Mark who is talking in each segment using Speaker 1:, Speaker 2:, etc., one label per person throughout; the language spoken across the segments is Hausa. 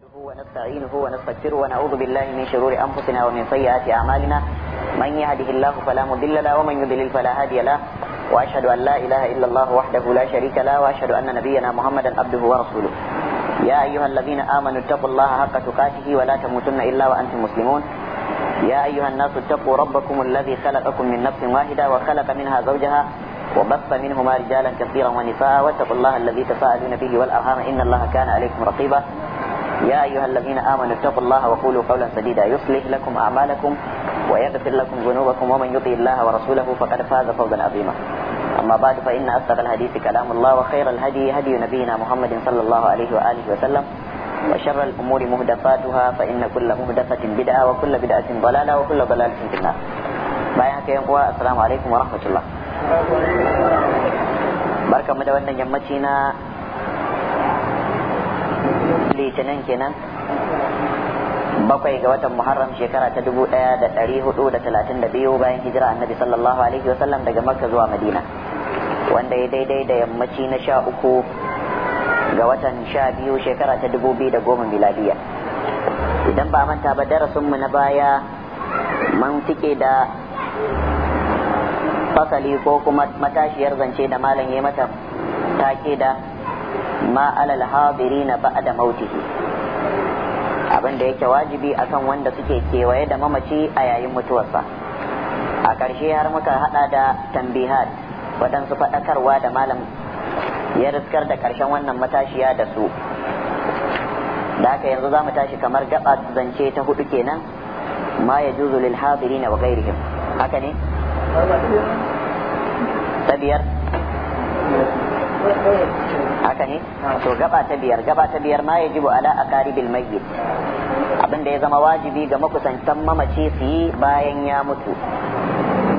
Speaker 1: نحمده ونستعينه ونستغفره ونعوذ بالله من شرور انفسنا ومن سيئات اعمالنا من يهده الله فلا مضل له ومن يضلل فلا هادي له واشهد ان لا اله الا الله وحده لا شريك له واشهد ان نبينا محمدا عبده ورسوله يا ايها الذين امنوا اتقوا الله حق تقاته ولا تموتن الا وانتم مسلمون يا ايها الناس اتقوا ربكم الذي خلقكم من نفس واحده وخلق منها زوجها وبث منهما رجالا كثيرا ونساء واتقوا الله الذي تساءلون به والارحام ان الله كان عليكم رقيبا يا أيها الذين آمنوا اتقوا الله وقولوا قولا سديدا يصلح لكم أعمالكم ويغفر لكم ذنوبكم ومن يطع الله ورسوله فقد فاز فوزا عظيما أما بعد فإن أصدق الحديث كلام الله وخير الهدي هدي نبينا محمد صلى الله عليه وآله وسلم وشر الأمور مهدفاتها فإن كل مهدفة بدعة وكل بدعة ضلالة وكل ضلالة في النار bayan haka yan uwa assalamu alaikum الله rahmatullah barkamu da wannan yammaci na litinin kenan bakwai ga watan muharram shekara ta dubu daya da dari hudu da talatin da biyu bayan hijira annabi sallallahu alaihi wasallam daga makka zuwa madina wanda ya daidai da yammaci na sha uku ga watan sha biyu shekara ta dubu biyu da goma miladiya idan ba manta ba darasinmu na baya man tike da fasali ko kuma matashiyar zance da malam ya mata take da ma alal hadirina ba'da mautihi abin da yake wajibi akan wanda suke kewaye da mamaci a yayin mutuwarsa a ƙarshe har muka hada da tambihat waɗansu faɗakarwa da malam ya riskar da ƙarshen wannan matashiya da su da haka yanzu za mu tashi kamar gaba zance ta hudu kenan ma ya juzu lil hadirina wa ghairihim haka ne ta biyar haka ne to gaba ta biyar gaba ta biyar ma yajibu ala aqaribil mayyit abin da ya zama wajibi ga makusantan mamaci su yi bayan ya mutu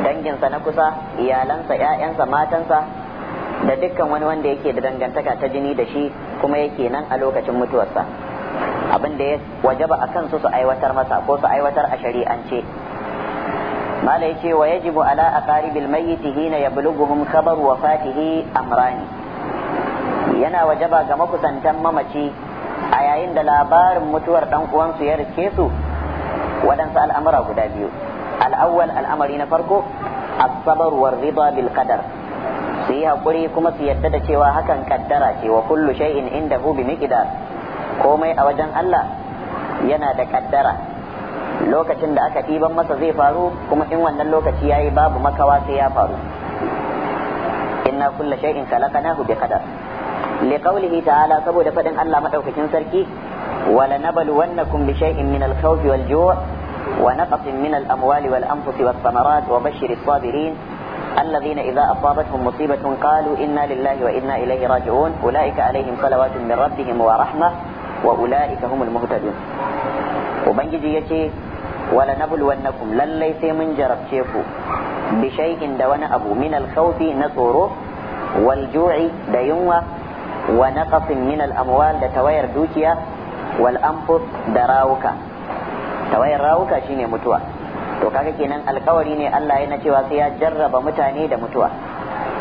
Speaker 1: danginsa na kusa iyalansa ƴaƴansa matansa da dukkan wani wanda yake da dangantaka ta jini da shi kuma yake nan a lokacin mutuwarsa abin da ya wajaba a kansu su aiwatar masa ko su aiwatar a shari'ance mala yace wa yajibu ala aqaribil mayyit hina yablughuhum khabaru wafatihi amrani yana wajaba ga makusantan mamaci a yayin da labarin mutuwar dan uwansu ya rike su waɗansu al'amura guda biyu al'awwal al'amari na farko Asabarwar sabr war bil qadar su yi hakuri kuma su yadda da cewa hakan kaddara ce wa kullu shay'in indahu bi miqdar komai a wajen Allah yana da kaddara lokacin da aka ɗiban masa zai faru kuma in wannan lokaci yayi babu makawa sai ya faru inna kulla shay'in khalaqnahu bi qadar liqaulihi ta'ala saboda fadin Allah madaukakin sarki wala nabluwannakum bi shay'in min al-khawfi wal ju' wa naqsin min al-amwali wal anfusi was samarat wa bashshir as-sabirin الذين إذا أصابتهم مصيبة قالوا إنا لله وإنا إليه راجعون أولئك عليهم صلوات من ربهم ورحمة وأولئك هم المهتدون وبنجي يتي ولا نبلونكم للي من جرب شيفو بشيء دون أبو من الخوف نصوره والجوع دينوة wa naqasin min al-amwal da tawayar dukiya wal anfus da rawuka tawayar rawuka shine mutuwa to kaga kenan alkawari ne Allah ya yana cewa sai ya jarraba mutane da mutuwa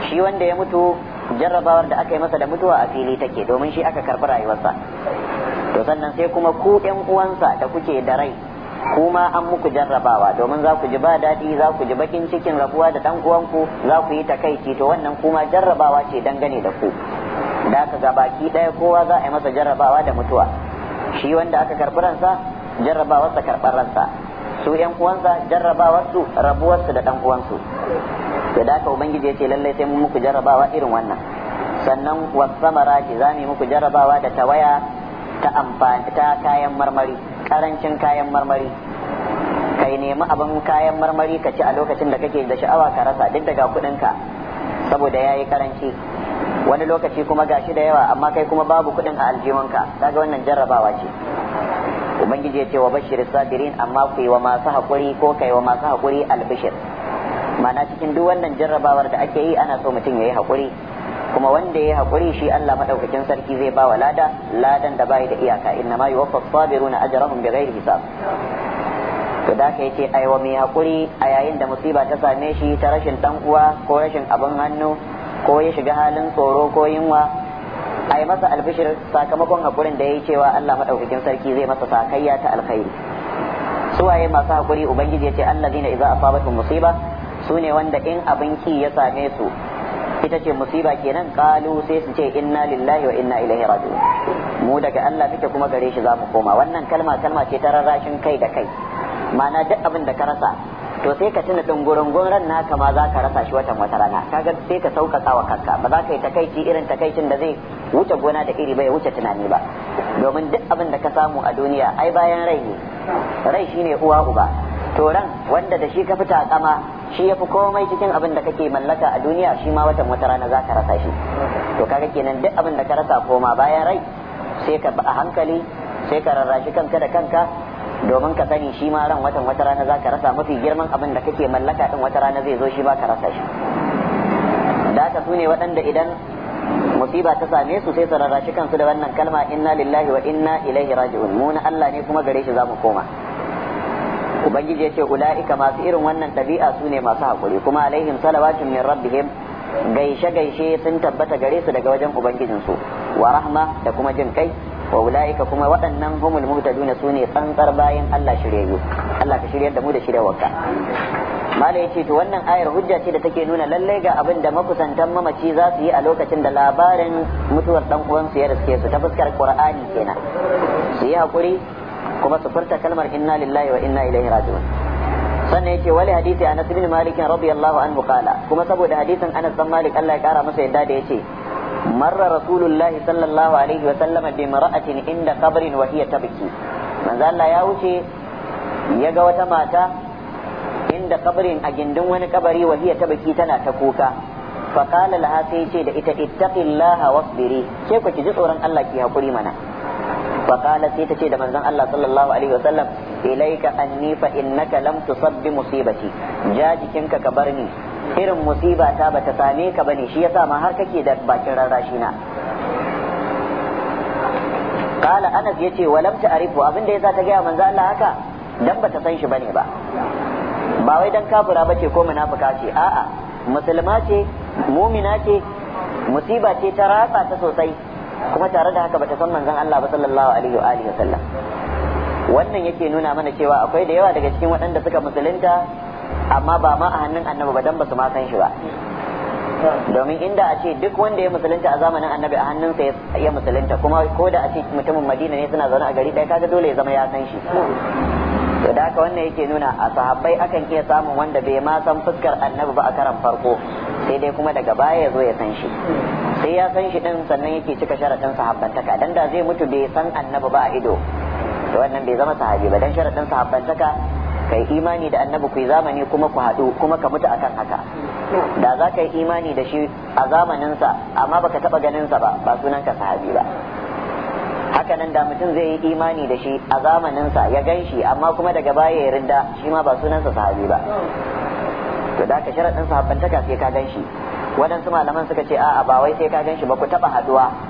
Speaker 1: shi wanda ya mutu jarrabawar da aka yi masa da mutuwa a fili take domin shi aka karɓi rayuwarsa to sannan sai kuma ku ƴan uwansa da kuke da rai kuma an muku jarrabawa domin za ku ji ba daɗi za ku ji bakin cikin rabuwa da ɗan uwanku za ku yi takaici to wannan kuma jarrabawa ce dangane da ku da aka ga baki ɗaya kowa za a yi masa jarrabawa da mutuwa shi wanda aka karɓi ransa jarrabawarsa karɓar ransa su ƴan uwansa jarrabawarsu rabuwarsu da ɗan uwansu su. da aka ubangiji ya ce lallai sai mun muku jarrabawa irin wannan sannan wasamara ki za mu muku jarrabawa da tawaya ta amfani ta kayan marmari karancin kayan marmari kai nemi abin kayan marmari ka ci a lokacin da kake da sha'awa ka rasa duk daga kuɗinka saboda ya yi karanci wani lokaci kuma gashi da yawa amma kai kuma babu kuɗin a aljihunka kaga wannan jarrabawa ce ubangiji ya ce wa bashir sabirin amma ku wa masu haƙuri ko kai wa masu haƙuri albishir mana cikin duk wannan jarrabawar da ake yi ana so mutum ya yi haƙuri kuma wanda ya yi haƙuri shi Allah madaukakin sarki zai ba wa lada ladan da bai da iyaka inna ma yuwaffa sabiruna ajrahum bighairi hisab to da ka yace ai wa mai haƙuri a yayin da musiba ta same shi ta rashin dan uwa ko rashin abin hannu ko ya shiga halin tsoro ko yunwa a yi masa albishir sakamakon haƙurin da ya yi cewa Allah maɗaukakin sarki zai masa sakayya ta alkhairi suwaye masu haƙuri ubangiji ya ce allazina idza asabatu musiba ne wanda in abin ki ya same su ita ce musiba kenan kalu sai su ce inna lillahi wa inna ilaihi raji'un mu daga Allah muke kuma gare shi za mu koma wannan kalma kalma ce ta rarrashin kai da kai ma'ana duk abin da ka rasa to sai ka tuna dungurungun ran na kama za ka rasa shi watan wata rana kaga sai ka sauƙaƙa wa kanka ba za ka yi takaici irin takaicin da zai wuce gona da iri ba ya wuce tunani ba domin duk abin da ka samu a duniya ai bayan rai ne rai shine uwa uba to ran wanda da shi ka fita a kama shi yafi fi komai cikin abin da kake mallaka a duniya shi ma watan wata rana za ka rasa shi to kaga kenan duk abin da ka rasa koma bayan rai sai ka ba a hankali sai ka rarrashi kanka da kanka domin ka sani shi ma ran watan wata rana za ka rasa mafi girman abin da kake mallaka din wata rana zai zo shi ba ka rasa shi da haka su ne waɗanda idan musiba ta same su sai su rarrashi kansu da wannan kalma inna lillahi wa inna ilaihi raji'un mu na Allah ne kuma gare shi za mu koma ubangiji ya ce ula'ika masu irin wannan ɗabi'a su ne masu haƙuri kuma alaihim salawatun min rabbihim gaishe gaishe sun tabbata gare su daga wajen ubangijinsu wa rahma da kuma jin kai wa ulaika kuma waɗannan humul muhtaduna sune tsantsar bayan Allah shiryayyu Allah ka shiryar da mu da shiryawarka malai yace to wannan ayar hujja ce da take nuna lalle ga abin da makusantan mamaci za su yi a lokacin da labarin mutuwar dan uwansu ya riske su ta fuskar Qur'ani kenan su yi hakuri kuma su furta kalmar inna lillahi wa inna ilaihi raji'un sannan yace wali hadisi Anas bin Malik radiyallahu anhu kala kuma saboda hadisin Anas bin Malik Allah ya kara masa yadda da yace marra rasulullahi sallallahu alaihi wa sallama bi mar'atin inda qabrin wa hiya tabki manzo Allah ya wuce ya wata mata inda qabrin a gindin wani kabari wa hiya tabki tana ta kuka fa qala laha ce da ita ittaqillaha wasbiri ke ku ki ji tsoron Allah ki hakuri mana Fakala sai ta ce da manzon Allah sallallahu alaihi wa sallam ilaika ja jikinka ka bar ni irin musiba ta bata same ka bane shi yasa ma har kake da bakin rarrashi na قال انس yace walam ta'rifu abinda yasa ta gaya manzo Allah haka dan bata san shi bane ba ba wai dan kafira bace ko munafika ce a'a musulma ce mumina ce musiba ce ta ratsa ta sosai kuma tare da haka bata san manzon Allah ba sallallahu alaihi wa alihi wasallam wannan yake nuna mana cewa akwai da yawa daga cikin waɗanda suka musulunta amma ba ma a hannun annabi ba dan ba su ma san shi ba domin inda a ce duk wanda ya musulunta a zamanin annabi a hannun sa ya musulunta kuma ko da a ce mutumin madina ne suna zaune a gari ɗaya kaga dole ya zama ya san shi to da haka wannan yake nuna a sahabbai akan iya samun wanda bai ma san fuskar annabi ba a karan farko sai dai kuma daga baya ya zo ya san shi sai ya san shi din sannan yake cika sharaɗin sahabbantaka dan da zai mutu bai san annabi ba a ido to wannan bai zama sahabi ba dan sharaɗin sahabbantaka kai imani da annabi ku zamani kuma ku haɗu kuma ka mutu akan haka da za ka yi imani da shi a zamaninsa amma baka taɓa ganinsa ba ba sunan ka sahabi ba haka nan da mutum zai yi imani da shi a zamaninsa ya ganshi shi amma kuma daga baya ya rinda shi ma ba sunansa sahabi ba to da ka sharaɗin sahabbantaka sai ka gan shi waɗansu malaman suka ce a'a ba wai sai ka gan shi ba ku taba haɗuwa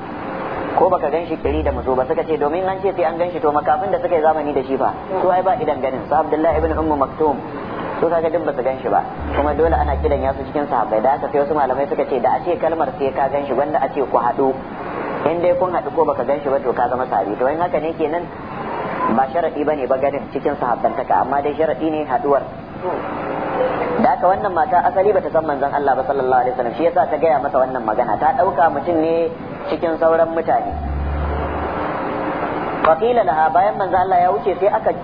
Speaker 1: ko baka gan shi kiri da mutu ba suka ce domin an ce sai an gan shi to makafin da suka yi zamani da shi ba to ai ba idan ganin su abdullahi ibn ummu maktum to kaga duk ba su gan shi ba kuma dole ana kidan ya su cikin sahabbai da aka sai wasu malamai suka ce da a ce kalmar sai ka gan shi wanda a ce ku haɗu in dai kun haɗu ko baka gan shi ba to ka zama sahabi to in haka ne kenan ba sharadi bane ba ganin cikin sahabbantaka amma dai sharadi ne haduwar da ka wannan mata asali bata san manzon Allah ba sallallahu alaihi wasallam shi yasa ta gaya masa wannan magana ta dauka mutum ne cikin sauran mutane faqila laha bayan manzo Allah ya wuce sai aka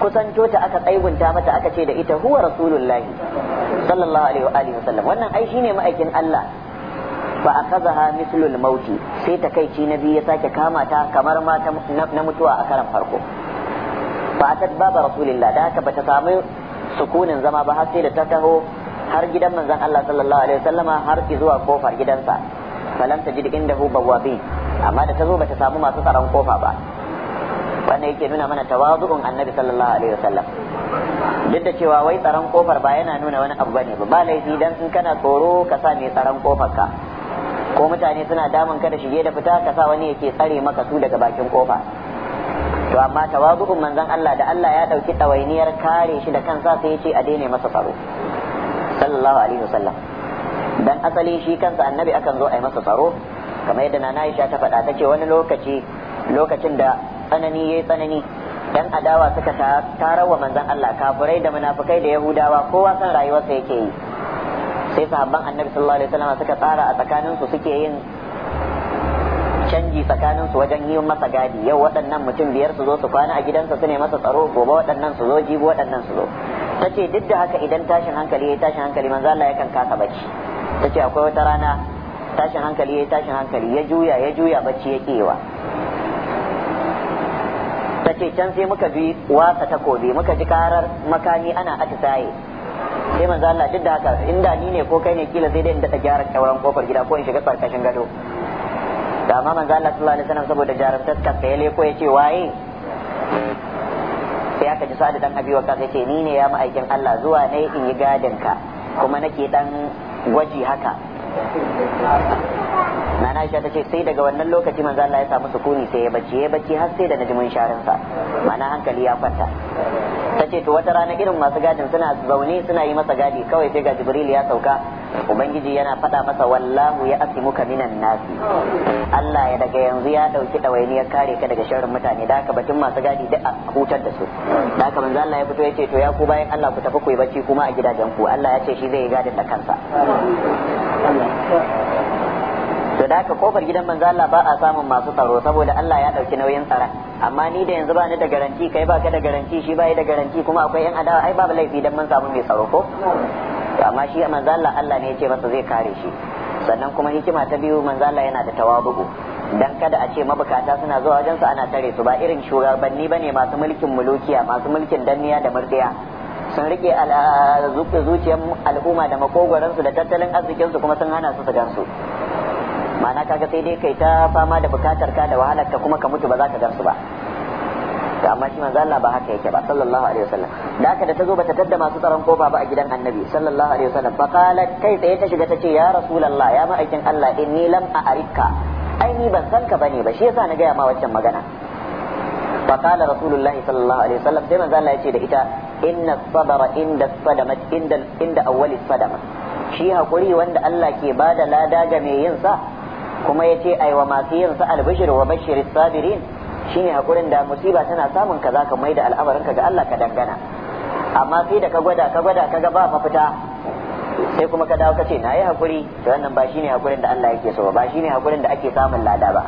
Speaker 1: kusanto ta aka tsaigunta mata aka ce da ita huwa rasulullahi sallallahu alaihi wa alihi wasallam wannan ai shine ma'aikin Allah ba a kaza mislul mauti sai takaici na biyu ya sake kama ta kamar ma na mutuwa a karan farko ba ta baba rasulillah da haka bata samu sukunin zama ba har sai da ta taho har gidan manzon Allah sallallahu alaihi wasallama har zuwa kofar gidansa falam tajid indahu bawabin amma da ta tazo bata samu masu tsaron kofa ba wannan yake nuna mana tawazu'un annabi sallallahu alaihi wasallam duk da cewa wai tsaron kofar ba yana nuna wani abu bane ba ba laifi dan sun kana tsoro ka sa mai tsaron kofar ka ko mutane suna damun ka da shige da fita ka sa wani yake tsare maka su daga bakin kofa to amma tawazu'un manzon Allah da Allah ya dauki ɗawainiyar kare shi da kansa sai ya ce a daina masa tsaro sallallahu alaihi wasallam dan asali shi kansa annabi akan zo a yi masa tsaro kamar yadda nana Aisha ta faɗa ta ce wani lokaci lokacin da tsanani yayi tsanani dan adawa suka tarawa manzon Allah kafirai da munafikai da yahudawa kowa san rayuwarsa yake yi sai sahabban annabi sallallahu alaihi wasallam suka tsara a tsakanin su suke yin canji tsakanin su wajen yi masa gadi yau waɗannan mutum biyar su zo su kwana a gidansa su ne masa tsaro gobe waɗannan su zo jibi waɗannan su zo tace duk da haka idan tashin hankali ya tashin hankali manzo Allah yakan kasa bacci ta ce akwai wata rana tashin hankali ya tashin hankali ya juya ya juya bacci ya kewa ta ce can sai muka bi wasa ta kobe muka ji karar makami ana atisaye sai manzo Allah duk da haka inda ni ne ko kai ne kila zai da in daɗa gyara kauran kofar gida ko in shiga farkashin gado da amma manzo Allah sallallahu alaihi wasallam saboda jarumtar ka sai leko ya ce waye sai aka ji sa'ad dan abi wa sai ce ni ne ya ma'aikin Allah zuwa ne in yi gadin ka kuma nake dan gwaji haka na Aisha ta ce sai daga wannan lokaci manzo Allah ya samu sukuni sai ya bacci ya bacci har sai da najimin sharin sa mana hankali ya kwanta tace to wata rana irin masu gadin suna zaune suna yi masa gadi kawai sai ga Jibril ya sauka ubangiji yana faɗa masa wallahu ya asi muka minan nasi Allah ya daga yanzu ya ɗauki ɗawainiyar kare ka daga sharrin mutane da aka batun masu gadi duk a hutar da su da aka manzo Allah ya fito ya ce to ya ku bayan Allah ku tafi ku yi bacci kuma a gidajen ku Allah ya ce shi zai yi gadin da kansa to da aka kofar gidan manzo Allah ba a samun masu tsaro saboda Allah ya dauki nauyin tsara. amma ni da yanzu ba ni da garanti kai ba ka da garanti shi ba da garanti kuma akwai yan adawa ai babu laifi dan mun samu mai tsaro ko to amma shi a Allah Allah ne ya ce masa zai kare shi sannan kuma hikima ta biyu Manzala yana da tawabu dan kada a ce mabukata suna zuwa wajen su ana tare su ba irin shugabanni bane masu mulkin mulukiya masu mulkin danniya da murdiya sun rike zuciyar al'umma da makogoran su da tattalin arzikin su kuma sun hana su su ma'ana kaga sai dai kai ta fama da bukatar ka da wahalar ka kuma ka mutu ba za ka su ba to amma shi manzo Allah ba haka yake ba sallallahu alaihi wasallam da aka da tazo bata tadda masu tsaron kofa ba a gidan annabi sallallahu alaihi wasallam fa qalat kai tsaye ta shiga tace ya rasulullah ya ma'aikin Allah inni lam a'rifka ai ni ban san ka bane ba shi yasa na gaya ma waccan magana fa qala rasulullah sallallahu alaihi wasallam sai manzo Allah yace da ita inna sabara inda sadamat inda inda awwali sadama shi hakuri wanda Allah ke bada lada ga mai yin sa kuma yace wa masu yin sa albishir wa bashiris sabirin shine hakurin da musiba tana samun ka zaka maida al'amarin ka ga Allah ka dangana amma sai da ka gwada ka gwada ka ga ba mafita sai kuma ka dawo ka ce na yi hakuri to wannan ba shine hakurin da Allah yake so ba shine hakurin da ake samun lada ba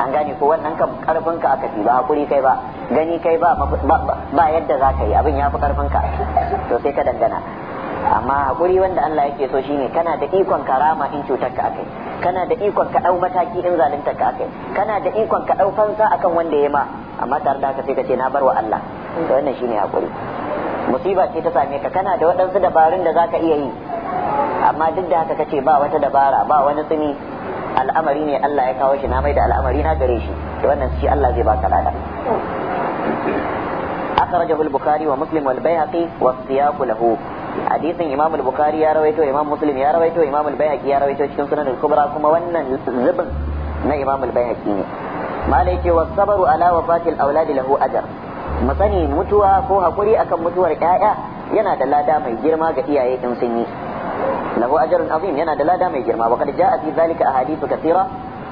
Speaker 1: an gane ko wannan kan karfin ka aka fi ba hakuri kai ba gani kai ba ba yadda za ka yi abin ya fi karfin ka to sai ka dangana amma hakuri wanda Allah yake so shine kana da ikon karama in cutar ka akai kana da ikon ka dau mataki in zalunta ka kai kana da ikon ka dau fansa akan wanda ya ma amma tare da haka sai ka ce na bar wa Allah to wannan shine hakuri musiba ce ta same ka kana da waɗansu dabarun da zaka iya yi amma duk da haka kace ba wata dabara ba wani tsini al'amari ne Allah ya kawo shi na mai da al'amari na gare shi to wannan shi Allah zai baka lada akhrajahu al-bukhari wa muslim wal bayhaqi wa siyaq lahu hadisin Imam al-Bukhari ya rawaito Imam Muslim ya rawaito Imam al ya rawaito cikin Sunan al-Kubra kuma wannan zubin na Imam al ne malai ce wa sabaru ala wafatil auladi lahu ajr mu sani mutuwa ko hakuri akan mutuwar ƴaƴa yana da lada mai girma ga iyaye in sun yi lahu ajrun azim yana da lada mai girma wa kad jaa fi zalika ahadithu kathira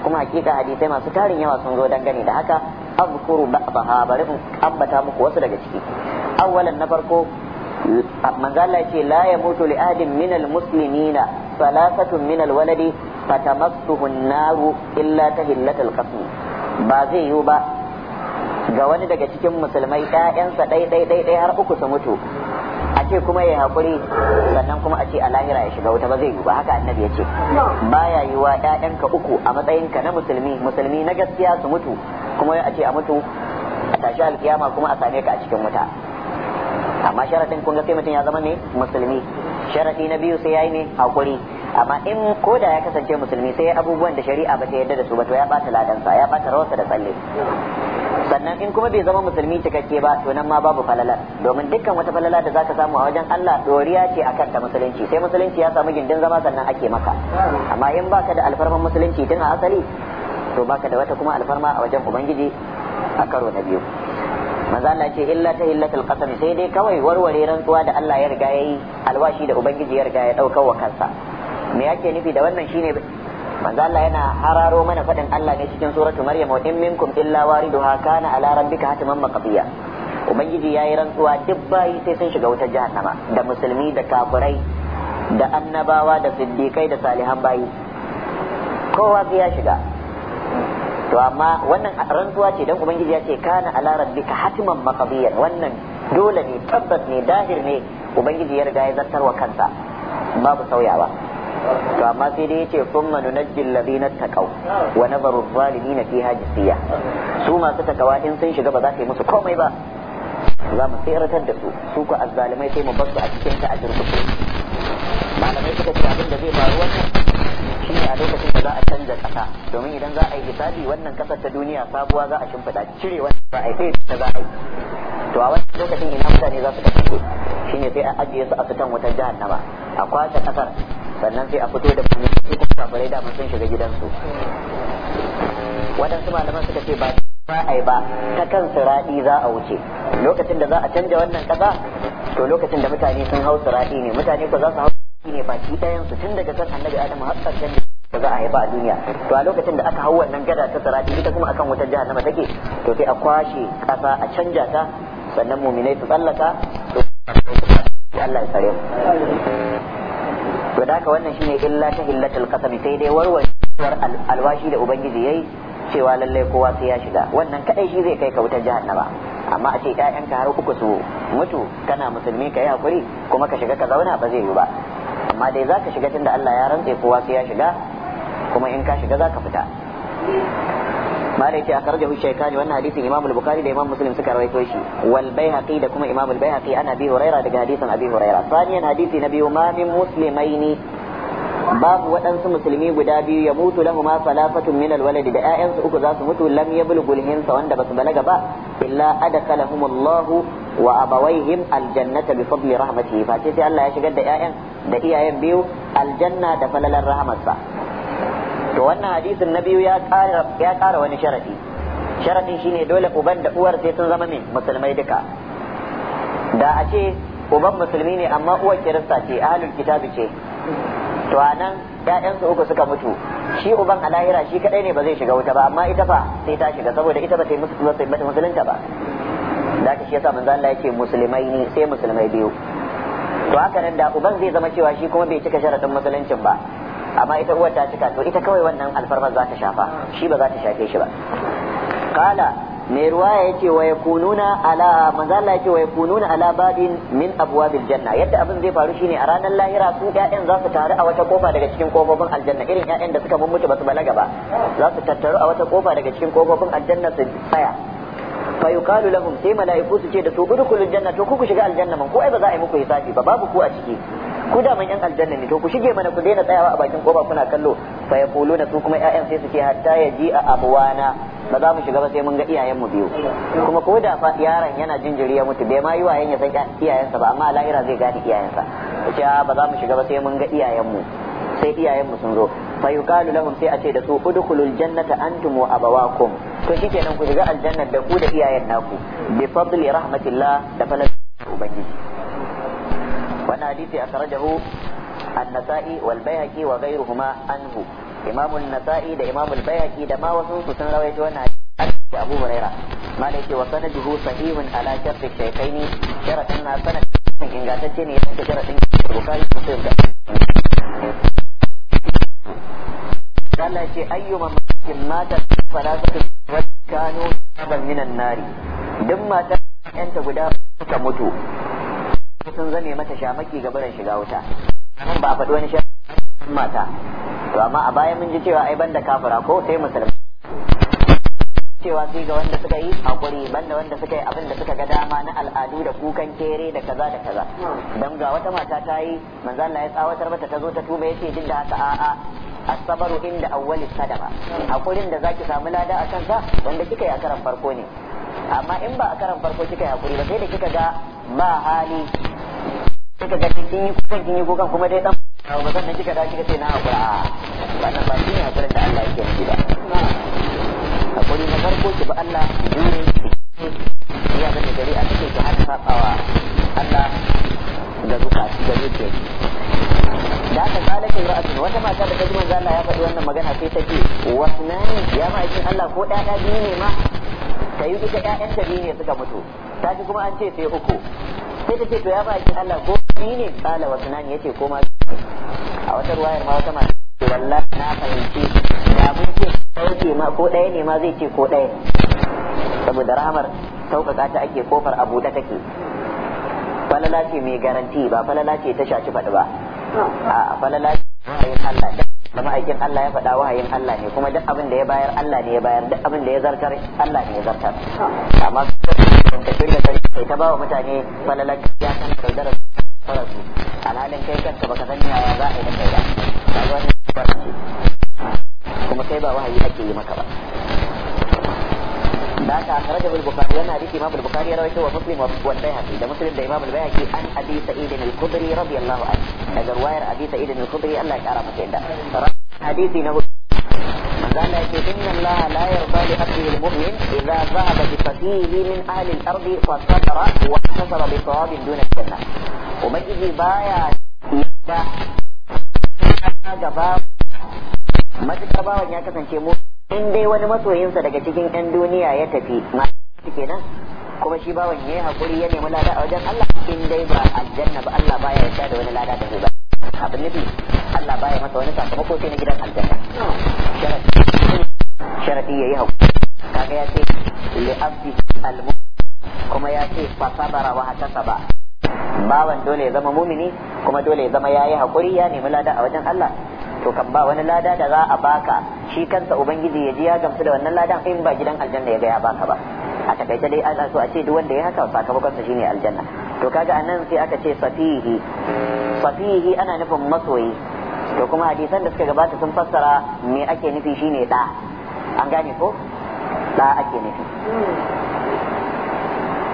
Speaker 1: kuma hakika hadisai masu tarin yawa sun zo dangane da haka azkuru ba'daha bari in ambata muku wasu daga ciki awwalan na farko manzo Allah ce la mutu li ahadin min al muslimina salasatun min al waladi fatamassuhu an-naru illa tahillat al qasmi ba zai yiwu ba ga wani daga cikin musulmai ƴaƴansa ɗai ɗai ɗai ɗai har uku su mutu a ce kuma ya haƙuri sannan kuma a ce a lahira ya shiga wuta ba zai yiwu ba haka annabi ya ce baya ɗayan ka uku a matsayinka na musulmi musulmi na gaskiya su mutu kuma a ce a mutu a tashi alkiyama kuma a same ka a cikin wuta amma sharadin kun ga sai mutum ya zama ne musulmi sharadi na biyu sai yayi ne hakuri amma in ko da ya kasance musulmi sai abubuwan da shari'a ba ta yarda da su ba to ya bata ladansa ya bata rawarsa da tsalle sannan in kuma bai zama musulmi cikakke ba to nan ma babu falala domin dukkan wata falala da zaka samu a wajen Allah doriya ce akan ta musulunci sai musulunci ya samu gindin zama sannan ake maka amma in baka da alfarman musulunci tun a asali to baka da wata kuma alfarma a wajen ubangiji a karo na biyu manzo Allah ce illa ta illatul qasam sai dai kawai warware rantsuwa da Allah ya riga yayi alwashi da ubangiji ya riga ya dauka wa kansa me yake nufi da wannan shine manzo Allah yana hararo mana fadin Allah ne cikin suratu maryam wa in minkum illa wariduha kana ala rabbika hatman maqdiya ubangiji yayi rantsuwa duk bayi sai sun shiga wutar jahannama da musulmi da kafirai da annabawa da siddiqai da salihan bayi kowa ya shiga to amma wannan rantsuwa ce dan ubangiji ya ce kana ala rabbika hatiman maqdiyan wannan dole ne tabbas ne dahir ne ubangiji ya riga ya zartarwa kansa babu sauyawa to amma sai dai yace thumma nunajji alladhina taqaw wa nadharu adh-dhalimina fiha su masu takawa in sun shiga ba za ka yi musu komai ba za mu tsiratar da su su ku azzalimai sai mu bar su a cikin ta a jirgin malamai suka ce abin da zai faru wannan shi ne a lokacin da za a canza ƙasa domin idan za a yi hisabi wannan ƙasar ta duniya sabuwa za a shimfiɗa cire wannan za a yi sai da za a yi to a wannan lokacin ina mutane za su shi ne sai a ajiye su a fitan wutar jahannama a kwace ƙasar sannan sai a fito da su ko kafirai da sun shiga gidansu waɗansu malaman suka ce ba yi ba ta kan siraɗi za a wuce lokacin da za a canja wannan ƙasa to lokacin da mutane sun hau siraɗi ne mutane ko za su hau ne baki ɗayan su tun daga kan annabi adam har ƙarshen da za a haifa a duniya to a lokacin da aka hau wannan gada ta sarati ita kuma akan wutar jahannama take to sai a kwashe ƙasa a canja ta sannan muminai su tsallaka to Allah ya tsare mu to da haka wannan shine illa ta hillatul qasam sai dai warwarewar alwashi da ubangiji yayi cewa lallai kowa sai ya shiga wannan kadai shi zai kai ka wutar jahannama amma a ce ƴaƴanka har uku su mutu kana musulmi ka yi hakuri kuma ka shiga ka zauna ba zai yi ba amma dai za ka shiga tunda Allah ya rantse kowa sai ya shiga kuma in ka shiga za ka fita malai ce a karja kani wannan hadisin imam al-bukhari da imam muslim suka rawaito shi wal baihaqi da kuma imam al ana bi huraira daga hadisin abi huraira saniyan hadisi na biyu ma min muslimaini babu waɗansu musulmi guda biyu ya mutu lahu ma salafatun min alwaladi da ƴaƴansu uku za su mutu lam yablughu hinsa wanda basu balaga ba illa adkalahum Allahu wa abawaihim aljannata bi fadli rahmatihi fa sai Allah ya shigar da ƴaƴan da iyayen biyu aljanna da falalar rahamarsa to wannan hadisin na biyu ya kara wani sharadi sharadin shine dole uban da uwar sai sun zama min musulmai duka da a ce uban musulmi ne amma uwar kirista ce ahalul kitabi ce to anan ƴaƴansu uku suka mutu shi uban a lahira shi kadai ne ba zai shiga wuta ba amma ita fa sai ta shiga saboda ita ba sai musulunta ba da ka shi yasa manzo Allah yake musulmai ne sai musulmai biyu to haka nan da uban zai zama cewa shi kuma bai cika sharaɗin musuluncin ba amma ita uwar ta cika to ita kawai wannan alfarma za ta shafa shi ba za ta shafe shi ba kala mai ruwaya ya ce wa yakununa ala manzala ya ce wa yakununa ala babin min abwabil janna yadda abin zai faru shine a ranar lahira su ƴaƴan za su taru a wata kofa daga cikin kofofin aljanna irin ƴaƴan da suka mummutu ba su balaga ba za su tattaru a wata kofa daga cikin kofofin aljanna su tsaya fa yuqalu lahum sai mala'iku su ce da su udkhulul janna to ku ku shiga aljanna man ko ai ba za a yi muku hisabi ba babu ku a ciki ku da man yan aljanna ne to ku shige mana ku daina tsayawa a bakin koba kuna kallo fa yaquluna su kuma yayan sai su ce hatta a abuwana ba za mu shiga ba sai mun ga mu biyu kuma ko da fa yaron yana jinjiri ya mutu bai ma yi wayan ya san iyayensa ba amma lahira zai gane iyayensa sa ce ba za mu shiga ba sai mun ga mu. sai iyayenmu sun zo fa yuqalu lahum sai a ce da su udkhulul jannata antum wa abawakum to shikenan ku shiga aljanna da ku da iyayen naku bi fadli rahmatillah da falal ubangiji wannan hadisi akhrajahu an-nasa'i wal bayhaqi wa ghayruhuma anhu imam an-nasa'i da imam al-bayhaqi da ma wasu su sun rawaito wannan hadisi Abu Huraira malai ce wa sanaduhu sahihun ala shartu shaykhaini sharatun na sanadin ingantacce ne yake sharatun Bukhari da Muslim Allah ce ayyuma makin mata fara suka kano sabal minan nari duk mata yanta guda suka mutu sun zame mata shamaki ga barin shiga wuta nan ba a faɗi wani shamaki mata to amma a baya mun ji cewa ai banda kafira ko sai musulmi cewa sai ga wanda suka yi hakuri banda wanda suka yi abin da suka ga dama na al'adu da kukan kere da kaza da kaza dan ga wata mata ta yi manzo Allah ya tsawatar mata ta zo ta tuba yace duk da haka a'a asabaru inda awwali sadaqa hakurin da zaki samu lada a kansa wanda kika yi a karan farko ne amma in ba a karan farko kika yi hakuri ba sai da kika ga ba hali kika ga kin yi kukan kin yi kukan kuma dai dan ba sannan kika da kika ce na hakura wannan ba shi ne hakurin da Allah yake nufi ba hakuri na farko ki ba Allah ki jure ki ya da gari a cikin ki har sabawa Allah da zuka da zuciya da haka kala ke ra'atu wata mata da ta ji manzo Allah ya faɗi wannan magana sai ta ce wasnani ya ma aikin Allah ko ɗaya biyu ne ma ta yi ita ƴaƴan ta biyu ne suka mutu ta ji kuma an ce sai uku sai ta ce to ya ma aikin Allah ko biyu ne kala wasnani yace ko ma a wata ruwayar ma wata mata wallahi na fahimci da mun ce ɗauke ma ko ɗaya ne ma zai ce ko ɗaya saboda rahamar sauƙaƙa ta ake kofar abu da take falala ce mai garanti ba falala ce ta shaci faɗi ba a wahayin Allah da ma'aikin Allah ya faɗa wahayin Allah ne kuma duk abin da ya bayar Allah ne ya bayar duk abin da ya zartar Allah ne ya zartar amma da kullum kai ta bawa mutane falala ya san da fara su alhalin kai kanka baka san yaya za a yi da kai ba kuma kai ba wahayi ake yi maka ba da aka akhrajahu al-bukhari yana hadisi imam al ya rawaito wa muslim wa al-bayhaqi da muslim da imam al-bayhaqi an abi sa'id al-khudri radiyallahu anhu daga ruwayar abi sa'id al-khudri Allah ya kara masa yadda hadisi na قال إن الله لا يرضى لعبده المؤمن إذا ذهب بفقيه من أهل الأرض فصبر واعتصر بصواب دون الجنة ومن يجي بايع يدا gaba matukar bawan ya kasance mu in dai wani masoyinsa daga cikin yan duniya ya tafi nan? kuma shi bawan ya yi hakuri ya nemi lada a wajen Allah in dai ba aljanna ba Allah baya yarda da wani lada da zai ba abin nufi Allah baya masa wani sakamako sai na gidan aljanna sharadi ya yi hakuri kaga ya ce le abdi almu kuma ya ce fa sabara wa hasaba bawan dole ya zama mumini kuma dole ya zama yayi hakuri ya nemi lada a wajen Allah to kan ba wani lada da za a baka shi kansa ubangiji ya ji ya gamsu da wannan ladan in ba gidan aljanna ya ga ya baka ba a takaice dai ana so a ce duk wanda ya haka sakamakon sa shine aljanna to kaga anan sai aka ce safihi safihi ana nufin masoyi to kuma hadisan da suka gabata sun fassara me ake nufi shine da an gane ko da ake nufi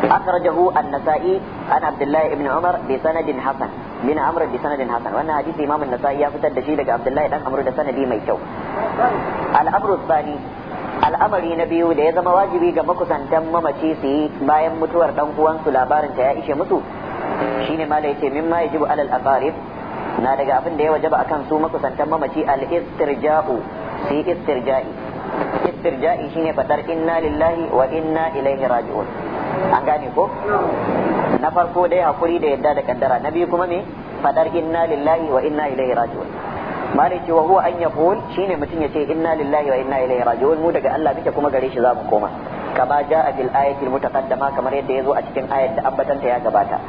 Speaker 1: أخرجه النسائي عن عبد الله بن عمر بسند حسن bin amr bi sanadin hasan wannan hadisi imam an-nasa'i ya fitar da shi daga abdullahi dan amr da sanadi mai kyau al-amru al'amari na biyu da ya zama wajibi ga makusantan mamaci su yi bayan mutuwar dan uwansu labarin ta ya ishe musu shine mala yace mimma yajibu alal aqarib na daga abin da ya wajaba akan su makusantan mamaci al-istirja'u su istirja'i istirja'i shine fadar inna lillahi wa inna ilaihi raji'un an gane ko na farko dai hakuri da yadda da kaddara na biyu kuma me fadar inna lillahi wa inna ilaihi raji'un mali ce wa huwa an yaqul shine mutum ya ce inna lillahi wa inna ilaihi raji'un mu daga Allah muke kuma gare shi za mu koma kama jaa fil ayati mutaqaddama kamar yadda yazo a cikin ayat da abbatanta ya gabata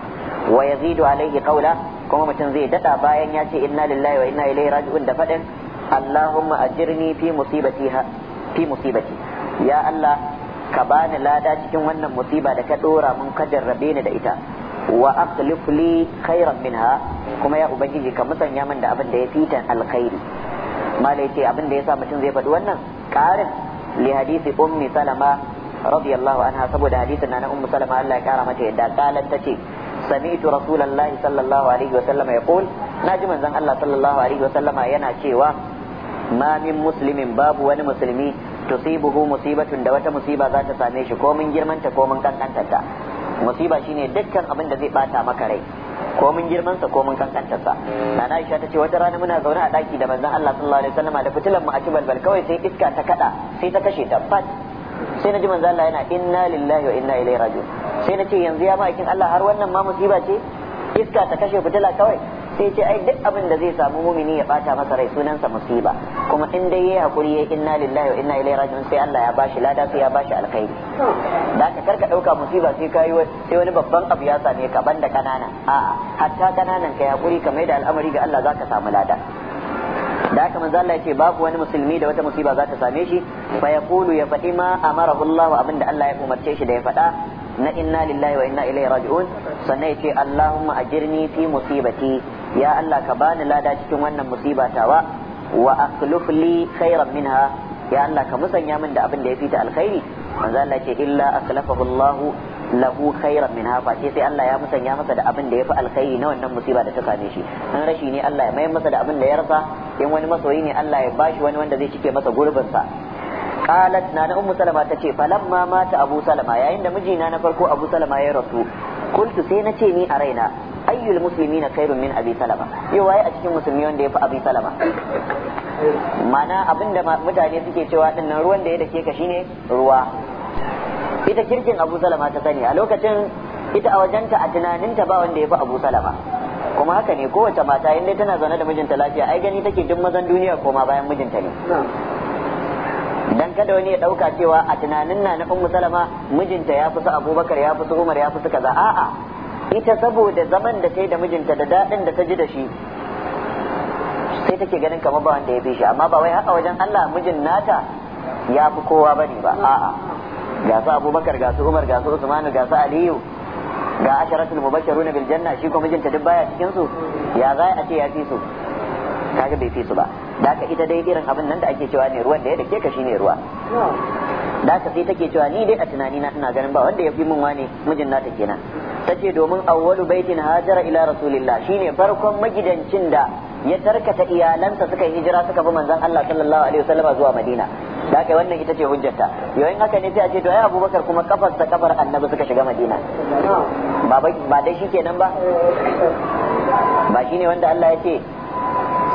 Speaker 1: wa yazidu alaihi qawla kuma mutum zai dada bayan ya ce inna lillahi wa inna ilaihi raji'un da fadin Allahumma ajirni fi musibati fi musibati ya Allah ka bani lada cikin wannan musiba da ka dora mun ka jarrabe ni da ita wa akhlif li khairan minha kuma ya ubangiji ka musanya min da abin da ya fitan alkhairi malai ce abin da yasa mutum zai faɗi wannan ƙarin li hadisi ummi salama radiyallahu anha saboda hadisin na ummu salama Allah ya kara mata yadda qalat tace سمعت رسول الله صلى الله عليه وسلم يقول ناجي من الله صلى الله عليه وسلم ينا cewa ma min muslimin babu wani musulmi tusibuhu musibatun da wata musiba za ta same shi ko mun girmanta ko mun kankantarta musiba shine dukkan abin da zai bata maka rai ko mun girmansa ko mun kankantar nana Aisha tace wata rana muna zaune a daki da manzon Allah sallallahu alaihi wasallam da fitilan mu a cibalbal kawai sai iska ta kada sai ta kashe ta fat sai naji manzon Allah yana inna lillahi wa inna ilaihi raji'un sai nace yanzu ya ma'aikin Allah har wannan ma musiba ce iska ta kashe fitila kawai sai ce ai duk abin da zai samu mumini ya bata masa rai sunansa musiba kuma in dai yayi hakuri yayi inna lillahi wa inna ilaihi raji'un sai Allah ya bashi lada sai ya bashi alkhairi da ka karka dauka musiba sai kai sai wani babban abu ya same ka banda kanana a'a hatta kananan kai hakuri ka mai da al'amari ga Allah zaka samu lada da haka manzo Allah yace babu wani musulmi da wata musiba za ta same shi fa yaqulu ya faɗi ma amarahu Allah wa abinda Allah ya umarce shi da ya fada na inna lillahi wa inna ilaihi raji'un sannan yace Allahumma ajirni fi musibati ya Allah ka bani lada cikin wannan musiba tawa wa akhlif li khairan minha ya Allah ka musanya min da abin da ya fita alkhairi manzo Allah ce illa akhlafahu Allah lahu khairan minha fa sai Allah ya musanya masa da abin da ya fi alkhairi na wannan musiba da ta same shi An rashi ne Allah ya mai masa da abin da ya rasa in wani masoyi ne Allah ya bashi wani wanda zai cike masa gurbin sa qalat na ummu salama ce falamma mata abu salama yayin da mijina na farko abu salama ya rasu kultu sai na ce ni a raina ayyul muslimina khairun min abi salama yau waye a cikin musulmi wanda yafi abi salama mana abinda mutane suke cewa dinnan ruwan da ya dake ka shine ruwa ita kirkin abu salama ta sani a lokacin ita a wajenta a tunaninta ba wanda yafi abu salama kuma haka ne kowace mata inda tana zaune da mijinta lafiya ai gani take duk mazan duniya koma bayan mijinta ne dan kada wani ya dauka cewa a tunanin na na ummu salama mijinta ya fi su abubakar ya fi su umar ya fi su kaza a'a ita saboda zaman da ta yi da mijinta da daɗin da ta ji da shi sai take ganin kamar ba wanda ya bi shi amma ba wai haka wajen Allah mijin nata ya fi kowa bane ba a'a ga su Abubakar ga su Umar ga su Usman ga su Aliyu ga asharatul mubashiruna bil janna shi ko mijinta duk baya cikin su ya za a ce ya fi su kaga bai fi su ba da ita dai irin abin nan da ake cewa ne ruwan da ya dake ka shine ruwa da sai take cewa ni dai a tunani na ina ganin ba wanda ya fi min wane mijin nata kenan tace domin awwalu baitin hajara ila rasulillah shine farkon magidancin da ya tarkata iyalansa suka yi hijira suka bi manzon Allah sallallahu alaihi wasallam zuwa Madina da haka wannan ita ce hujjarta yayin haka ne sai a ce to ai Abubakar kuma kafarsa kafar Annabi suka shiga Madina ba ba dai shikenan ba ba shine wanda Allah ya ce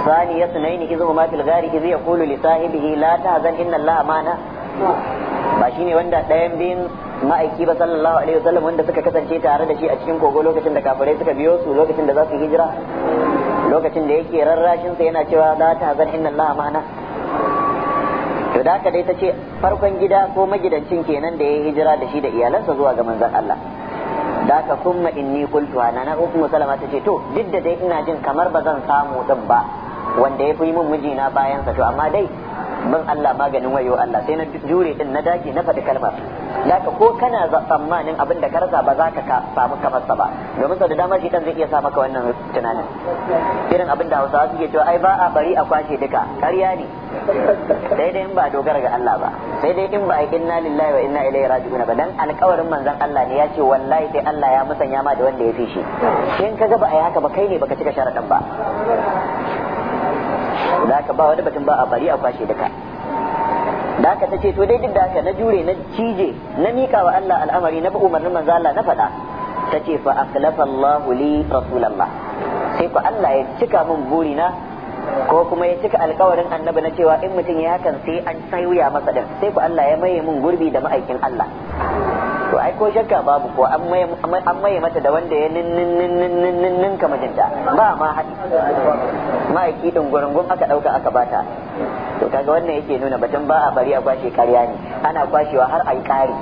Speaker 1: ثاني اثنين إذ هما في kulu إذ يقول la ta zan inna الله معنا ba shine wanda ɗayan biyun ma'aiki ba sallallahu alaihi wasallam wanda suka kasance tare da shi a cikin kogo lokacin da kafirai suka biyo su lokacin da za su hijira lokacin da yake rarrashin sa yana cewa za ta zan inna allaha to da haka dai farkon gida ko magidancin kenan da ya hijira da shi da iyalansa zuwa ga manzon Allah da ka kuma inni qultu ana na uku salama ta ce to duk da dai ina jin kamar ba zan samu din ba wanda ya fi mun mijina bayan sa to amma dai mun Allah maganin wayo Allah sai na jure din na daki na fadi kalma laka ko kana tsammanin abin da karsa ba za ka samu sa ba domin sau da dama shi dan zai iya sa maka wannan tunanin irin abin da Hausawa suke cewa ai ba a bari a kwashe duka karya ne sai dai in ba dogara ga Allah ba sai dai in ba a inna lillahi wa inna ilaihi raji'un ba dan alƙawarin manzon Allah ne ya ce wallahi sai Allah ya musanya ma da wanda ya fi shi in kaga ba a yi haka ba kai ne baka cika sharadan ba za ka ba wani batun ba a bari a kwashe duka da ka ta ce to dai duk da haka na jure na cije na mika wa Allah al'amari na bi umarnin Allah na faɗa ta ce fa a Allah li rasulallah sai fa Allah ya cika min burina ko kuma ya cika alkawarin annabi na cewa in mutum ya hakan sai an sayuya masa din sai fa Allah ya maye min gurbi da ma'aikin Allah to ai ko shakka babu ko an maye mata da wanda ya nin ka mijinta ba ma haɗi ma'aiki ɗin gurungun aka ɗauka aka bata to kaga wannan yake nuna batun ba a bari a kwashe karya ne ana kwashewa har a yi ƙari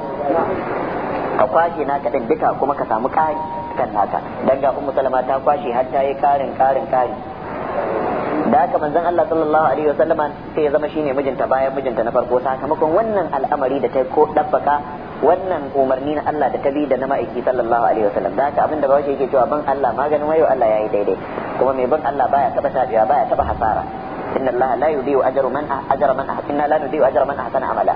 Speaker 1: A kwashe naka ɗin duka kuma ka samu ƙari kan naka dan ga ummu salama ta kwashe har ta yi ƙarin ƙarin ƙari da haka manzon Allah sallallahu alaihi wasallama sai ya zama shine mijinta bayan mijinta na farko sakamakon wannan al'amari da ta ko dabbaka wannan umarni na Allah da ta bi da na ma'aiki sallallahu alaihi wasallam da haka abinda bawashi yake cewa ban Allah maganin wayo Allah yayi daidai kuma mai ban Allah baya taba tabiya baya taba hasara inna Allah la yudhi'u ah, ajra man ajra ah, man inna la yudhi'u ajra man ahsana amala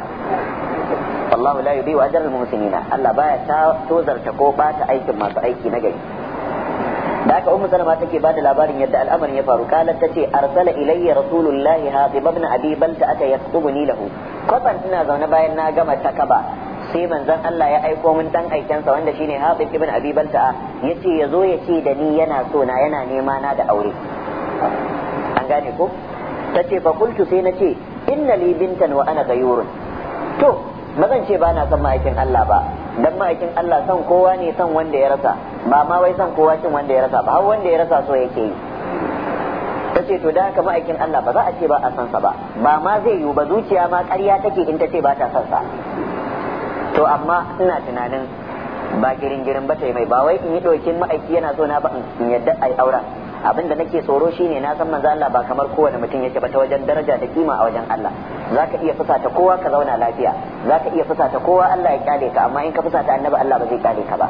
Speaker 1: wallahu la yudhi'u ajra al-muhsinina Allah baya ta tozarta ko bata aikin masu aiki na gari da haka ummu salama take bada labarin yadda al'amarin ya faru kalat tace arsala ilayya rasulullahi hadib ibn abi balta ata yaktubuni lahu kwatsan ina zaune bayan na gama takaba sai manzon Allah ya aiko min dan aikensa wanda shine Habib ibn Abi Balta yace yazo ya ce da ni yana so na yana nema na da aure an gane ko tace fa kuntu sai nace inna li bintan wa ana gayurun to mazan ce ba na son ma'aikin Allah ba dan ma'aikin Allah son kowa ne son wanda ya rasa ba ma wai son kowa kin wanda ya rasa ba har wanda ya rasa so yake yi tace to da haka ma'aikin Allah ba za a ce ba a san sa ba ba ma zai yiwu ba zuciya ma ƙarya take in tace ba ta san sa to amma ina tunanin ba girin girin ba mai ba wai in yi dokin ma'aiki yana so na ba in yadda ai aura abin da nake tsoro shine na san manzo Allah ba kamar kowane mutum yake ba ta wajen daraja da kima a wajen Allah zaka iya fusata kowa ka zauna lafiya zaka iya fusata kowa Allah ya kyale ka amma in ka fusata annabi Allah ba zai kyale ka ba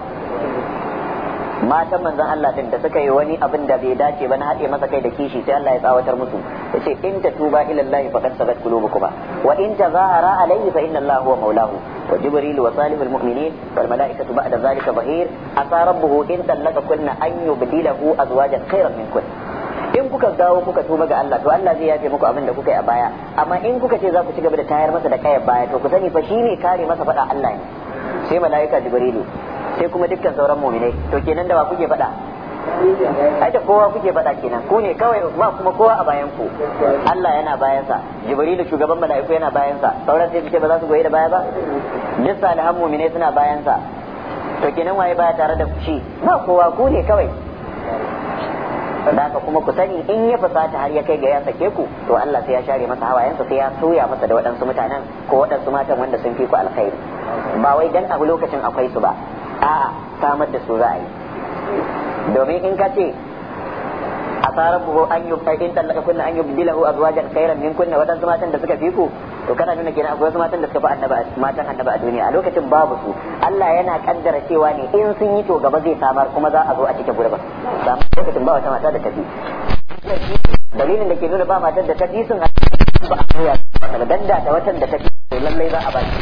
Speaker 1: matan manzon Allah din da suka yi wani abin da bai dace ba na haɗe masa kai da kishi sai Allah ya tsawatar musu ce in ta tuba ila Allah faqad sabat qulubukuma wa in tazahara alayhi fa inna Allah huwa maulahu wa jibril wa salihul mu'minin wal malaikatu ba'da zalika zahir asa rabbuhu in tallaka kunna an yubdilahu azwajan khairan minkun in kuka dawo kuka tuba ga Allah to Allah zai yafe muku abin da kuka yi a baya amma in kuka ce za ku ci gaba da tayar masa da kayar baya to ku sani fa shine kare masa fada Allah ne sai mala'ika jibrilu sai kuma dukkan sauran mu'minai to kenan da ba kuke faɗa ai da kowa kuke faɗa kenan ku ne kawai ba kuma kowa a bayan ku Allah yana bayan sa jibrilu shugaban mala'iku yana bayan sa sauran sai kuke ba za su goyi da baya ba duk salihan mu'minai suna bayan sa to kenan waye baya tare da shi ba kowa ku ne kawai haka kuma ku sani in ya fasata har ya kai ga ya sake ku to Allah sai ya share masa hawayensa sai ya soya masa da waɗansu mutanen ko waɗansu matan wanda sun fi ku alkhairi ba wai dan abu lokacin akwai su ba a'a samar da su za domin in ka ce asa rabbuhu an yubta in tallaka kunna an yubdilahu azwajan khairan min kunna wadan matan da suka fi ku to kana nuna kenan akwai matan da suka fi annaba matan annaba a duniya a lokacin babu su Allah yana kaddara cewa ne in sun yi to gaba zai samar kuma za a zo a cike gurbin samu lokacin ba wata mata da tafi. dalilin da ke nuna ba matan da ta sun ba a koya daga danda da watan da tafi to lallai za a ba shi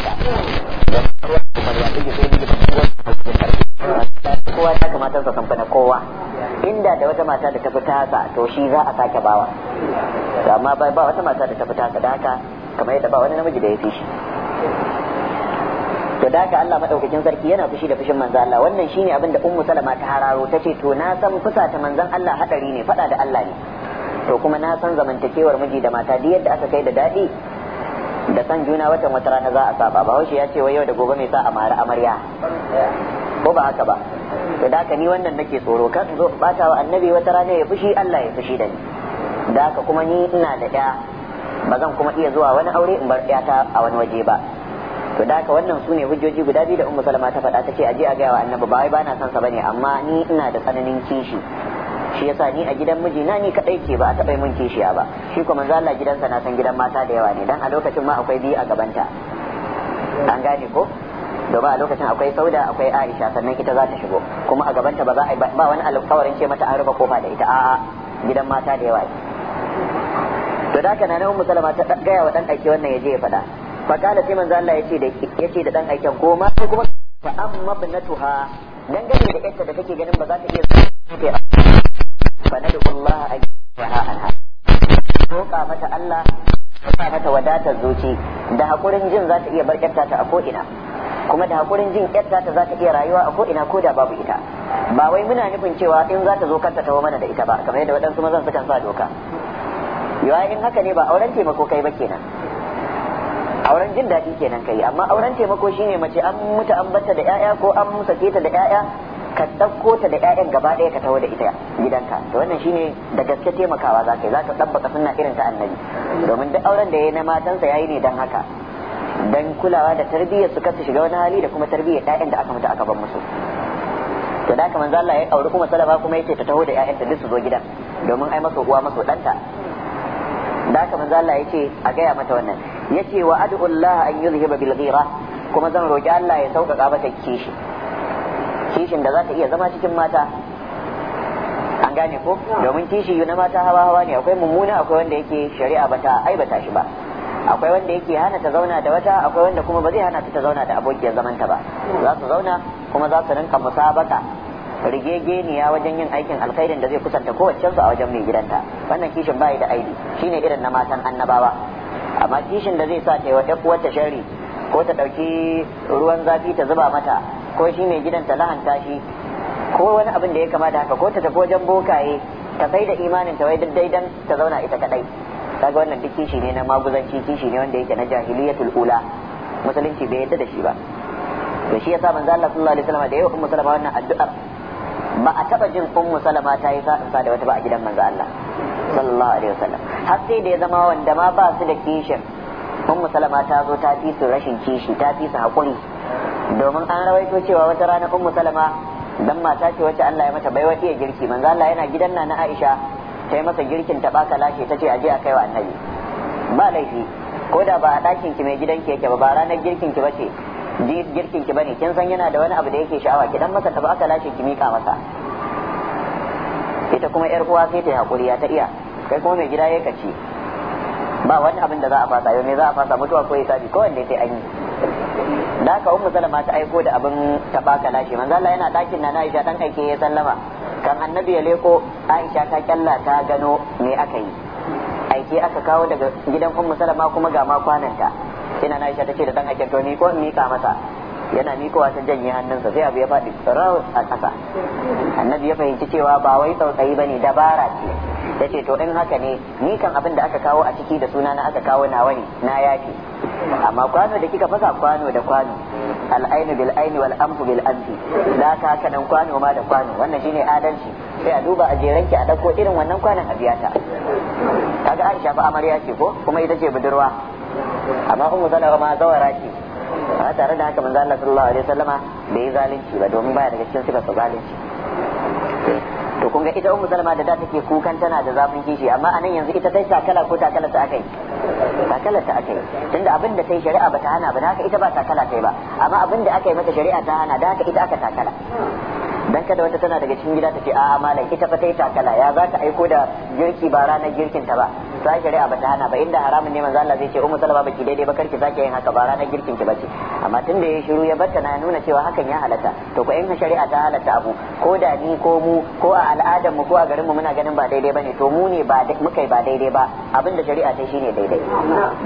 Speaker 1: ta kowa ta kamata sa sanfa na kowa inda da wata mata da ta fi tasa to shi za a sake bawa amma ba wata mata da ta fi tasa da haka kamar yadda ba wani namiji da ya fi shi to da haka Allah madaukakin sarki yana fushi da fushin manzo Allah wannan shine abin da ummu salama ta hararo tace to na san fusa ta manzon Allah hadari ne fada da Allah ne to kuma na san zamantakewar miji da mata duk yadda aka kai da dadi da san juna watan wata rana za a saba ba ya ce wai yau da gobe mai sa a mara amarya ko ba haka ba to da ka ni wannan nake tsoro kan in zo bata wa annabi wata rana ya fushi Allah ya fushi da ni da haka kuma ni ina da ɗaya ba zan kuma iya zuwa wani aure in bar ta a wani waje ba to da haka wannan sune hujjoji guda biyu da ummu salama ta faɗa ta ce aje a gayawa wa annabi ba wai bana son sa bane amma ni ina da tsananin kishi shi yasa ni a gidan miji na ni kadai ce ba a taɓa mun kishiya ba shi kuma manzo Allah gidansa na san gidan mata da yawa ne dan a lokacin ma akwai biyu a gabanta an gane ko domin a lokacin akwai sauda akwai aisha sannan ita za ta shigo kuma a gabanta ba za a ba wani alƙawarin ce mata an rufe kofa da ita a'a gidan mata da yawa to da kana nan musalama ta gaya wa dan aiki wannan yaje ya fada fa kana sai manzo Allah yace da yace da dan aikin ko ma kuma fa amma binatuha dangane da ita da kake ganin ba za ta iya فندعو الله أن يجعلها عنها roƙa mata Allah ya sa mata wadatar zuci da hakurin jin za ta iya bar ta a ina. kuma da hakurin jin ƙyarta ta za ta iya rayuwa a ko'ina ko da babu ita ba wai muna nufin cewa in za ta zo kanta ta mana da ita ba kamar yadda waɗansu mazan sukan sa doka yawa in haka ne ba auren taimako kai ba kenan auren jin daɗi kenan kai amma auren taimako shine mace an mutu an bata da 'ya'ya ko an sake ta da 'ya'ya ka ɗauko ta da 'ya'yan gaba ɗaya ka tawo da ita gidanka to wannan shine da gaske taimakawa za ka yi za ka ɗabbaka sunna irin ta annabi domin duk auren da ya yi na matansa ya yi ne don haka don kulawa da tarbiyyar su kasu shiga wani hali da kuma tarbiyyar 'ya'yan da aka mutu aka bar musu to da kamar zalla ya auri kuma salama kuma yace ta taho da 'ya'yanta duk su zo gidan domin ai maso uwa maso ɗanta da kaman manzo Allah yace a gaya mata wannan yace wa ad'u an yuzhiba bil ghira kuma zan roki Allah ya sauƙaƙa mata kishi kishin da za ta iya zama cikin mata an gane ko domin kishi na mata hawa hawa ne akwai mummuna akwai wanda yake shari'a bata aibata shi ba akwai wanda yake hana ta zauna da wata akwai wanda kuma ba zai hana ta ta zauna da abokiyar zamanta ba za su zauna kuma za su rinka musabaka rigegeniya wajen yin aikin alkhairin da zai kusanta kowace su a wajen mai gidanta wannan kishin bai da aibi shine irin na matan annabawa amma kishin da zai sa ta yi wa ta shari ko ta ɗauki ruwan zafi ta zuba mata ko shi mai gidan ta lahanta shi ko wani abin da ya kamata haka ko ta tafi wajen bokaye ta sai da imanin ta wai daidai dan ta zauna ita kadai kaga wannan duk kishi ne na maguzanci kishi ne wanda yake na jahiliyatul ula musulunci bai yadda da shi ba to shi yasa manzo Allah sallallahu alaihi wasallam da yau ummu salama wannan addu'a ba a taba jin ummu salama ta yi sa'insa da wata ba a gidan manzo Allah sallallahu alaihi wasallam har sai da ya zama wanda ma ba su da kishin ummu salama ta zo ta fi su rashin kishi ta fi su haƙuri domin an rawaito cewa wata rana ummu salama dan mata ce wacce Allah ya mata baiwa iya girki manzo Allah yana gidan na Aisha sai masa girkin ta baka lashe ta ce aje a kaiwa wa annabi ba laifi ko da ba a ɗakin ki mai gidan ki yake ba ba ranar girkin ki bace girkin ki bane kin san yana da wani abu da yake sha'awa ki dan masa ta baka lashe ki mika masa ita kuma yar uwa sai ta yi hakuri ya ta iya kai kuma mai gida ya ci ba wani abin da za a fasa yau me za a fasa mutuwa ko hisabi ko wanda sai an yi da haka umma salama ta aiko da abin baka lashe manzo Allah yana dakin nana Aisha dan kake ya sallama kan annabi ya leko Aisha ta kalla ta gano me aka yi aike aka kawo daga gidan umma salama kuma ga ma ta ina na Aisha tace da dan aiken to ni ko ka masa yana mikowa ta janye hannunsa sai abu ya faɗi rawus a ƙasa annabi ya fahimci cewa ba wai tsautsayi bane dabara ce ce to in haka ne ni kan abin da aka kawo a ciki da suna na aka kawo nawa ne na yaki amma kwano da kika fasa kwano da kwano al'ainu bil aini wal anfu bil anfi da ka haka nan kwano ma da kwano wannan shine adalci sai a duba a ki a dauko irin wannan kwanan a biya ta kaga Aisha fa amarya ce ko kuma ita ce budurwa amma ummu salama ma zawara ce a tare da haka manzo Allah sallallahu alaihi wasallama bai zalunci ba domin baya daga cikin sifar zalunci kun ga ita ummu salama da da take kukan tana da zafin kishi amma anan yanzu ita dai takala ko takala ta akai takala ta akai tunda abin da ta yi shari'a bata hana ba haka ita ba takala ta yi ba amma abin da aka yi mata shari'a ta hana da haka ita aka takala dan kada wata tana daga cikin gida ta ce a malam ita fa tai takala ya za ta aiko da girki ba ranar girkin ta ba sa shari'a ba ta hana ba inda haramun ne manzo Allah zai ce ummu salama baki daidai ba karki zaki yin haka ba ranar girkin ki bace amma tun tunda ya shiru ya bata na nuna cewa hakan ya halata to ko in shari'a ta halata abu ko da ni ko mu ko a al'adar mu ko a garin mu muna ganin ba daidai bane to mu ne ba mukai ba daidai ba abin da shari'a ta shine daidai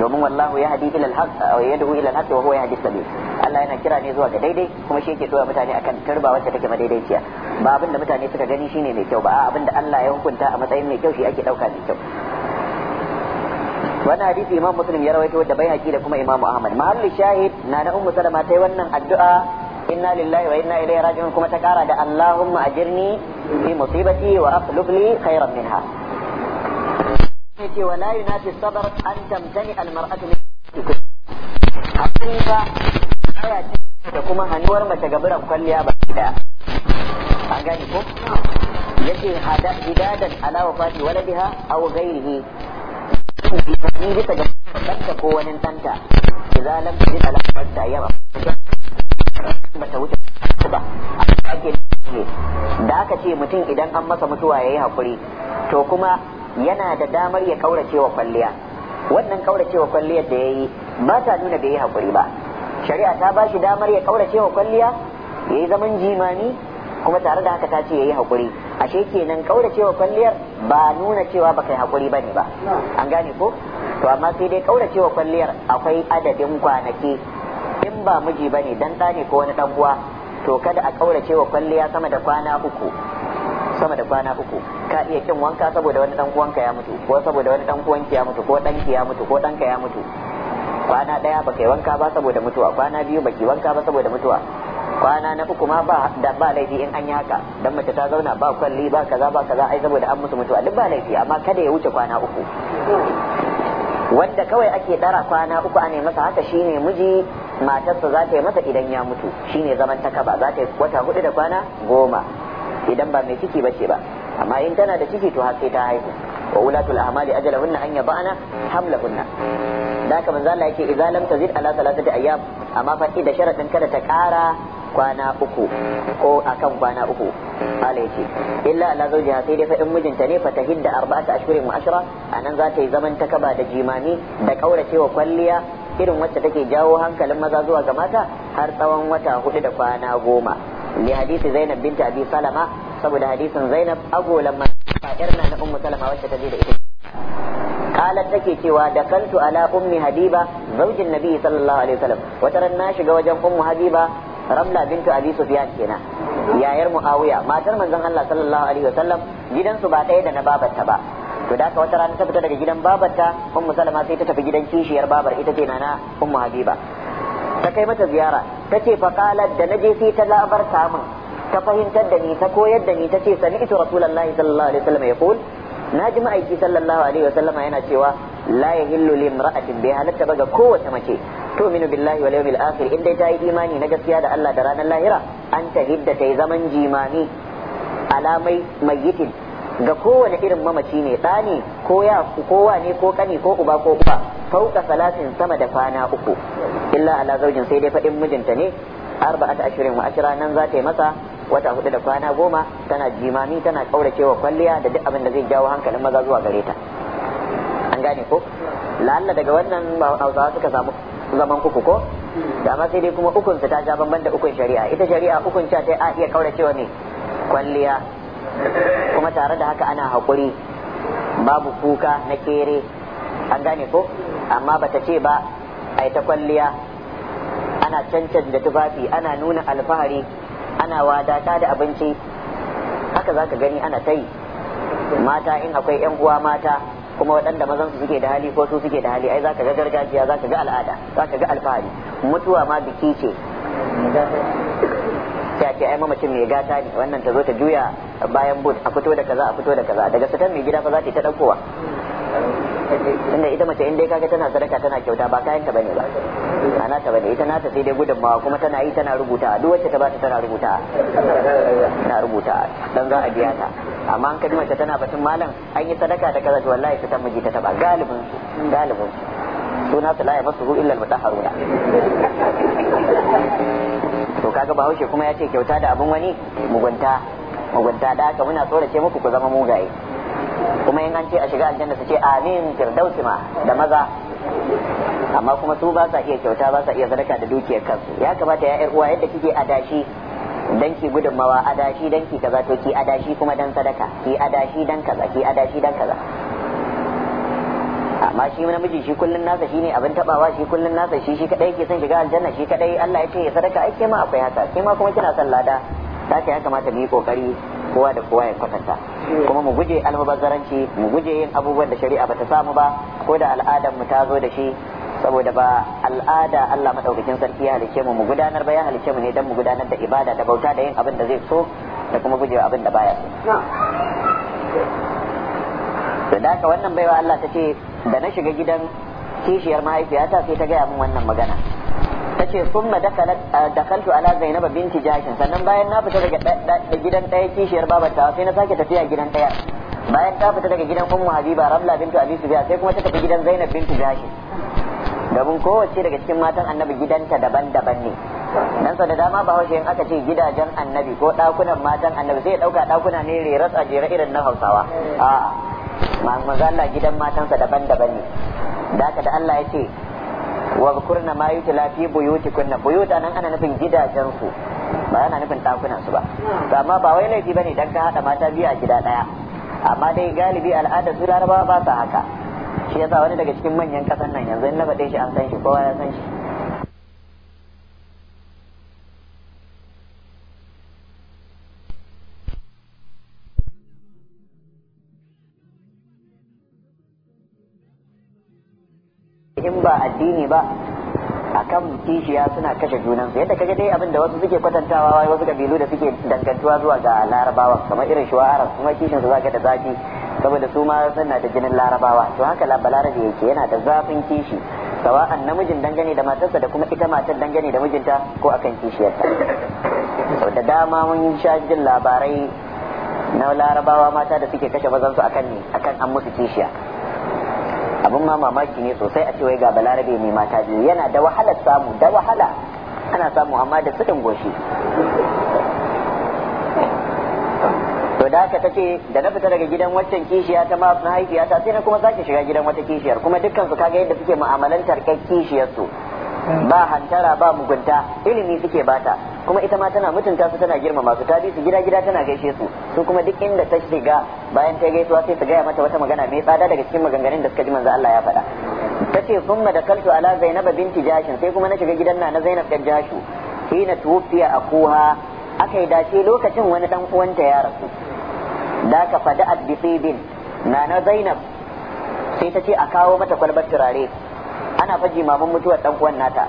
Speaker 1: domin wallahu ya hadi ila al-haq aw yad'u ila al-haq wa huwa yahdi sabil Allah yana kira ne zuwa ga daidai kuma shi yake toya mutane akan turba wacce take madaidaici gaskiya ba abin da mutane suka gani shine mai kyau ba abin da Allah ya hukunta a matsayin mai kyau shi ake dauka mai kyau wannan hadisi imam muslim ya rawaito da bai da kuma imam ahmad mahalli shahid na na ummu salama tai wannan addu'a inna lillahi wa inna ilaihi raji'un kuma ta kara da Allahumma ajirni fi musibati wa akhlif li khairan minha ce wa na yunafi sabar an tamtani al mar'atu min hakika aya da kuma hanuwar mace bira kwalliya ba da an gane ko yace hada hidadan ala wafati waladiha aw ghairihi ni bisa ga ɗanta ko wani ɗanta idza lam tajid ala fasta ba ta wuce ba ake ne da aka ce mutum idan an masa mutuwa yayi hakuri to kuma yana da damar ya kauracewa kwalliya wannan kauracewa kwalliya kwalliyar da yayi ba ta nuna bai yi hakuri ba shari'a ta ba shi damar ya kauracewa kwalliya yayi zaman jimani. kuma tare da haka ta ce yayi hakuri ashe kenan cewa kwalliyar ba nuna cewa baka yi hakuri bane ba an gane ko to amma sai dai cewa kwalliyar akwai adadin kwanaki in ba miji bane dan ɗa ne ko wani dan uwa to kada a cewa kwalliya sama da kwana uku sama da kwana uku ka iya kin wanka saboda wani dan uwanka ya mutu ko saboda wani dan uwanki ya mutu ko danki ya mutu ko danka ya mutu kwana daya baka yi wanka ba saboda mutuwa kwana biyu baki wanka ba saboda mutuwa kwana na uku ma ba da ba laifi in an yi haka dan mace ta zauna ba kwalli ba kaza ba kaza ai saboda an musu mutuwa duk ba laifi amma kada ya wuce kwana uku wanda kawai ake dara kwana uku a masa haka shine miji matarsa za ta yi masa idan ya mutu shine zaman ta kaba za ta yi wata hudu da kwana goma idan ba mai ciki bace ba amma in tana da ciki to har sai ta haihu wa ulatul amali ajalahunna an yabana hamlahunna da haka manzo Allah yake idza lam tazid ala salatati ayyam amma fa da sharadin kada ta kara kwana uku ko akan kwana uku ala yace illa ala zawjiha sai dai fa in mijinta ne fatahidda arba'ata ashhurin wa ashra anan za ta yi zaman ta kaba da jimami da kauracewa kwalliya irin wacce take jawo hankalin maza zuwa ga mata har tsawon wata hudu da kwana goma li hadisi zainab binta abi salama saboda hadisin zainab agolan ma yarna na ummu salama wacce ta je da ita قالت take cewa da kantu ala ummi habiba zaujin nabi sallallahu alaihi wasallam wataran na shiga wajen ummu habiba ramla bintu abi sufyan kenan yayar muawiya matar manzon Allah sallallahu alaihi wasallam gidansu ba ɗaya da na babarta ba to da wata rana ta fita daga gidan babarta ummu salama sai ta tafi gidan kishiyar babar ita ce nana ummu habiba ta kai mata ziyara ta ce fa qalat da naje sai ta labarta min ta fahimtar da ni ta koyar da ni ta ce sami'tu rasulullahi sallallahu alaihi wasallam yaqul na ji ma'aiki sallallahu alaihi wasallama yana cewa la yahillu li imra'atin bi halatta ba ga kowace mace tu'minu billahi wal yawmil akhir in dai ta yi imani na gaskiya da Allah da ranar lahira an ta hidda ta zaman jimami alamai mayyitin ga kowane irin mamaci ne ɗa ne ko ya kowa ne ko kani ko uba ko uba fauka salatin sama da kwana uku illa ala zaujin sai dai faɗin mijinta ne arba'ata ashirin wa ashira nan za ta yi masa wata hudu da kwana goma tana jimami tana kaurakewa kwalliya da duk abin da zai jawo hankalin maza zuwa gare ta an gane ko lalla daga wannan hausawa suka samu zaman kuku ko da amma sai dai kuma ukun ta ja banban da ukun shari'a ita shari'a ukun ta a iya kaurakewa ne kwalliya kuma tare da haka ana haƙuri babu kuka na kere an gane ko amma bata ce ba a ta kwalliya ana cancanta tufafi ana nuna alfahari ana wadata da abinci haka za ka gani ana ta mata in akwai 'yan uwa mata kuma waɗanda mazan su suke da hali ko su suke da hali ai ka ga gargajiya za ka ga al'ada za ka ga alfahari mutuwa ma biki ce ta ce ai mamacin mai gata ne wannan ta zo ta juya bayan but a fito da kaza a fito da kaza daga satan mai gida ba za ta ta ɗaukowa tunda ita mace in dai kaga tana sadaka tana kyauta ba kayanta ta bane ba ana ta bane ita nata sai dai gudunmawa kuma tana yi tana rubuta duk wacce ta bata tana rubuta tana rubuta dan za a biya ta amma an kaji mace tana batun malam an yi sadaka da kaza to wallahi ta miji ta taba galibin galibin suna su masu yamassuhu illa ta mutahharuna to kaga bahaushe kuma ya ce kyauta da abun wani mugunta mugunta da haka muna tsorace muku ku zama mugaye kuma in an ce a shiga aljanna su ce amin firdausi ma da maza amma kuma su ba sa iya kyauta ba sa iya sadaka da dukiyar kansu ya kamata ya uwa yadda kike adashi dan ki gudunmawa adashi dan ki kaza to ki adashi kuma dan sadaka ki adashi dan kaza ki adashi dan kaza amma shi namiji shi kullun nasa shine abin tabawa shi kullun nasa shi shi kadai yake son shiga aljanna shi kadai Allah ya ce ya sadaka ai ke ma akwai haka ke ma kuma kina son lada ta ya kamata mu yi kokari kowa da kowa ya kwatanta kuma mu guje almubazzaranci mu guje yin abubuwan da shari'a bata samu ba ko da al'adar mu ta zo da shi saboda ba al'ada Allah madaukakin sarki ya halice mu mu gudanar ba ya halice mu ne dan mu gudanar da ibada da bauta da yin abin da zai so da kuma gujewa abin da baya so da haka wannan baiwa Allah ta ce da na shiga gidan kishiyar mahaifiyata sai ta gaya min wannan magana tace summa dakalat dakaltu ala zainab binti jashin sannan bayan na fita daga gidan daya kishiyar babata sai na sake tafiya gidan daya bayan ta fita daga gidan ummu habiba rabla bintu abi sufiya sai kuma ta tafi gidan zainab bintu jashin domin kowace daga cikin matan annabi gidanta daban-daban ne nan sau da dama ba haushe in aka ce gidajen annabi ko dakunan matan annabi sai ya dauka dakuna ne reras a irin na hausawa a manzo gidan matansa daban-daban ne da haka da Allah ya ce wa kurna ma yutla fi buyutikunna buyut anan ana nufin gidajen su ba ana nufin takunan su ba to amma ba wai laifi bane dan ka hada mata biyu a gida daya amma dai galibi al'ada su larabawa ba sa haka shi yasa wani daga cikin manyan kasan nan yanzu in na faɗe shi an san shi kowa ya san shi addini ba akan kishiya suna kashe junansu yadda kaga dai abin da wasu suke kwatantawa wai wasu kabilu da suke dangantuwa zuwa ga larabawa kamar irin shuwa'arar kuma kishin su zaka da zafi saboda su ma suna da jinin larabawa to haka balarabe yake yana da zafin kishi sawa'an namijin dangane da matarsa da kuma ita matar dangane da mijinta ko akan kishiyarta da dama mun sha jin labarai na larabawa mata da suke kashe mazansu akan ne akan an musu kishiya abin ma mamaki ne sosai a ce wai ga balarabe mai mata biyu yana da wahalar samu da wahala ana samu amma da tsudin goshi to da haka tace da na fita daga gidan waccan kishiya ta mahaifiyata sai na kuma sake shiga gidan wata kishiyar kuma dukkan su kaga yadda suke mu'amalantar kishiyar su ba hantara ba mugunta ilimi suke bata kuma ita ma tana mutunta su tana girmama su ta bi su gida gida tana gaishe su su kuma duk inda ta shiga bayan ta gaisuwa sai su gaya mata wata magana mai tsada daga cikin maganganun da suka ji manzo Allah ya faɗa tace summa da kaltu ala Zainaba binti jashin sai kuma na shiga gidan na zainab dan jashu hina tuwfiya akuha akai yi dace lokacin wani dan uwanta ya rasu da ka fada addisibin na na zainab sai ta ce a kawo mata kwalbar turare ana faji maman mutuwar dan uwan nata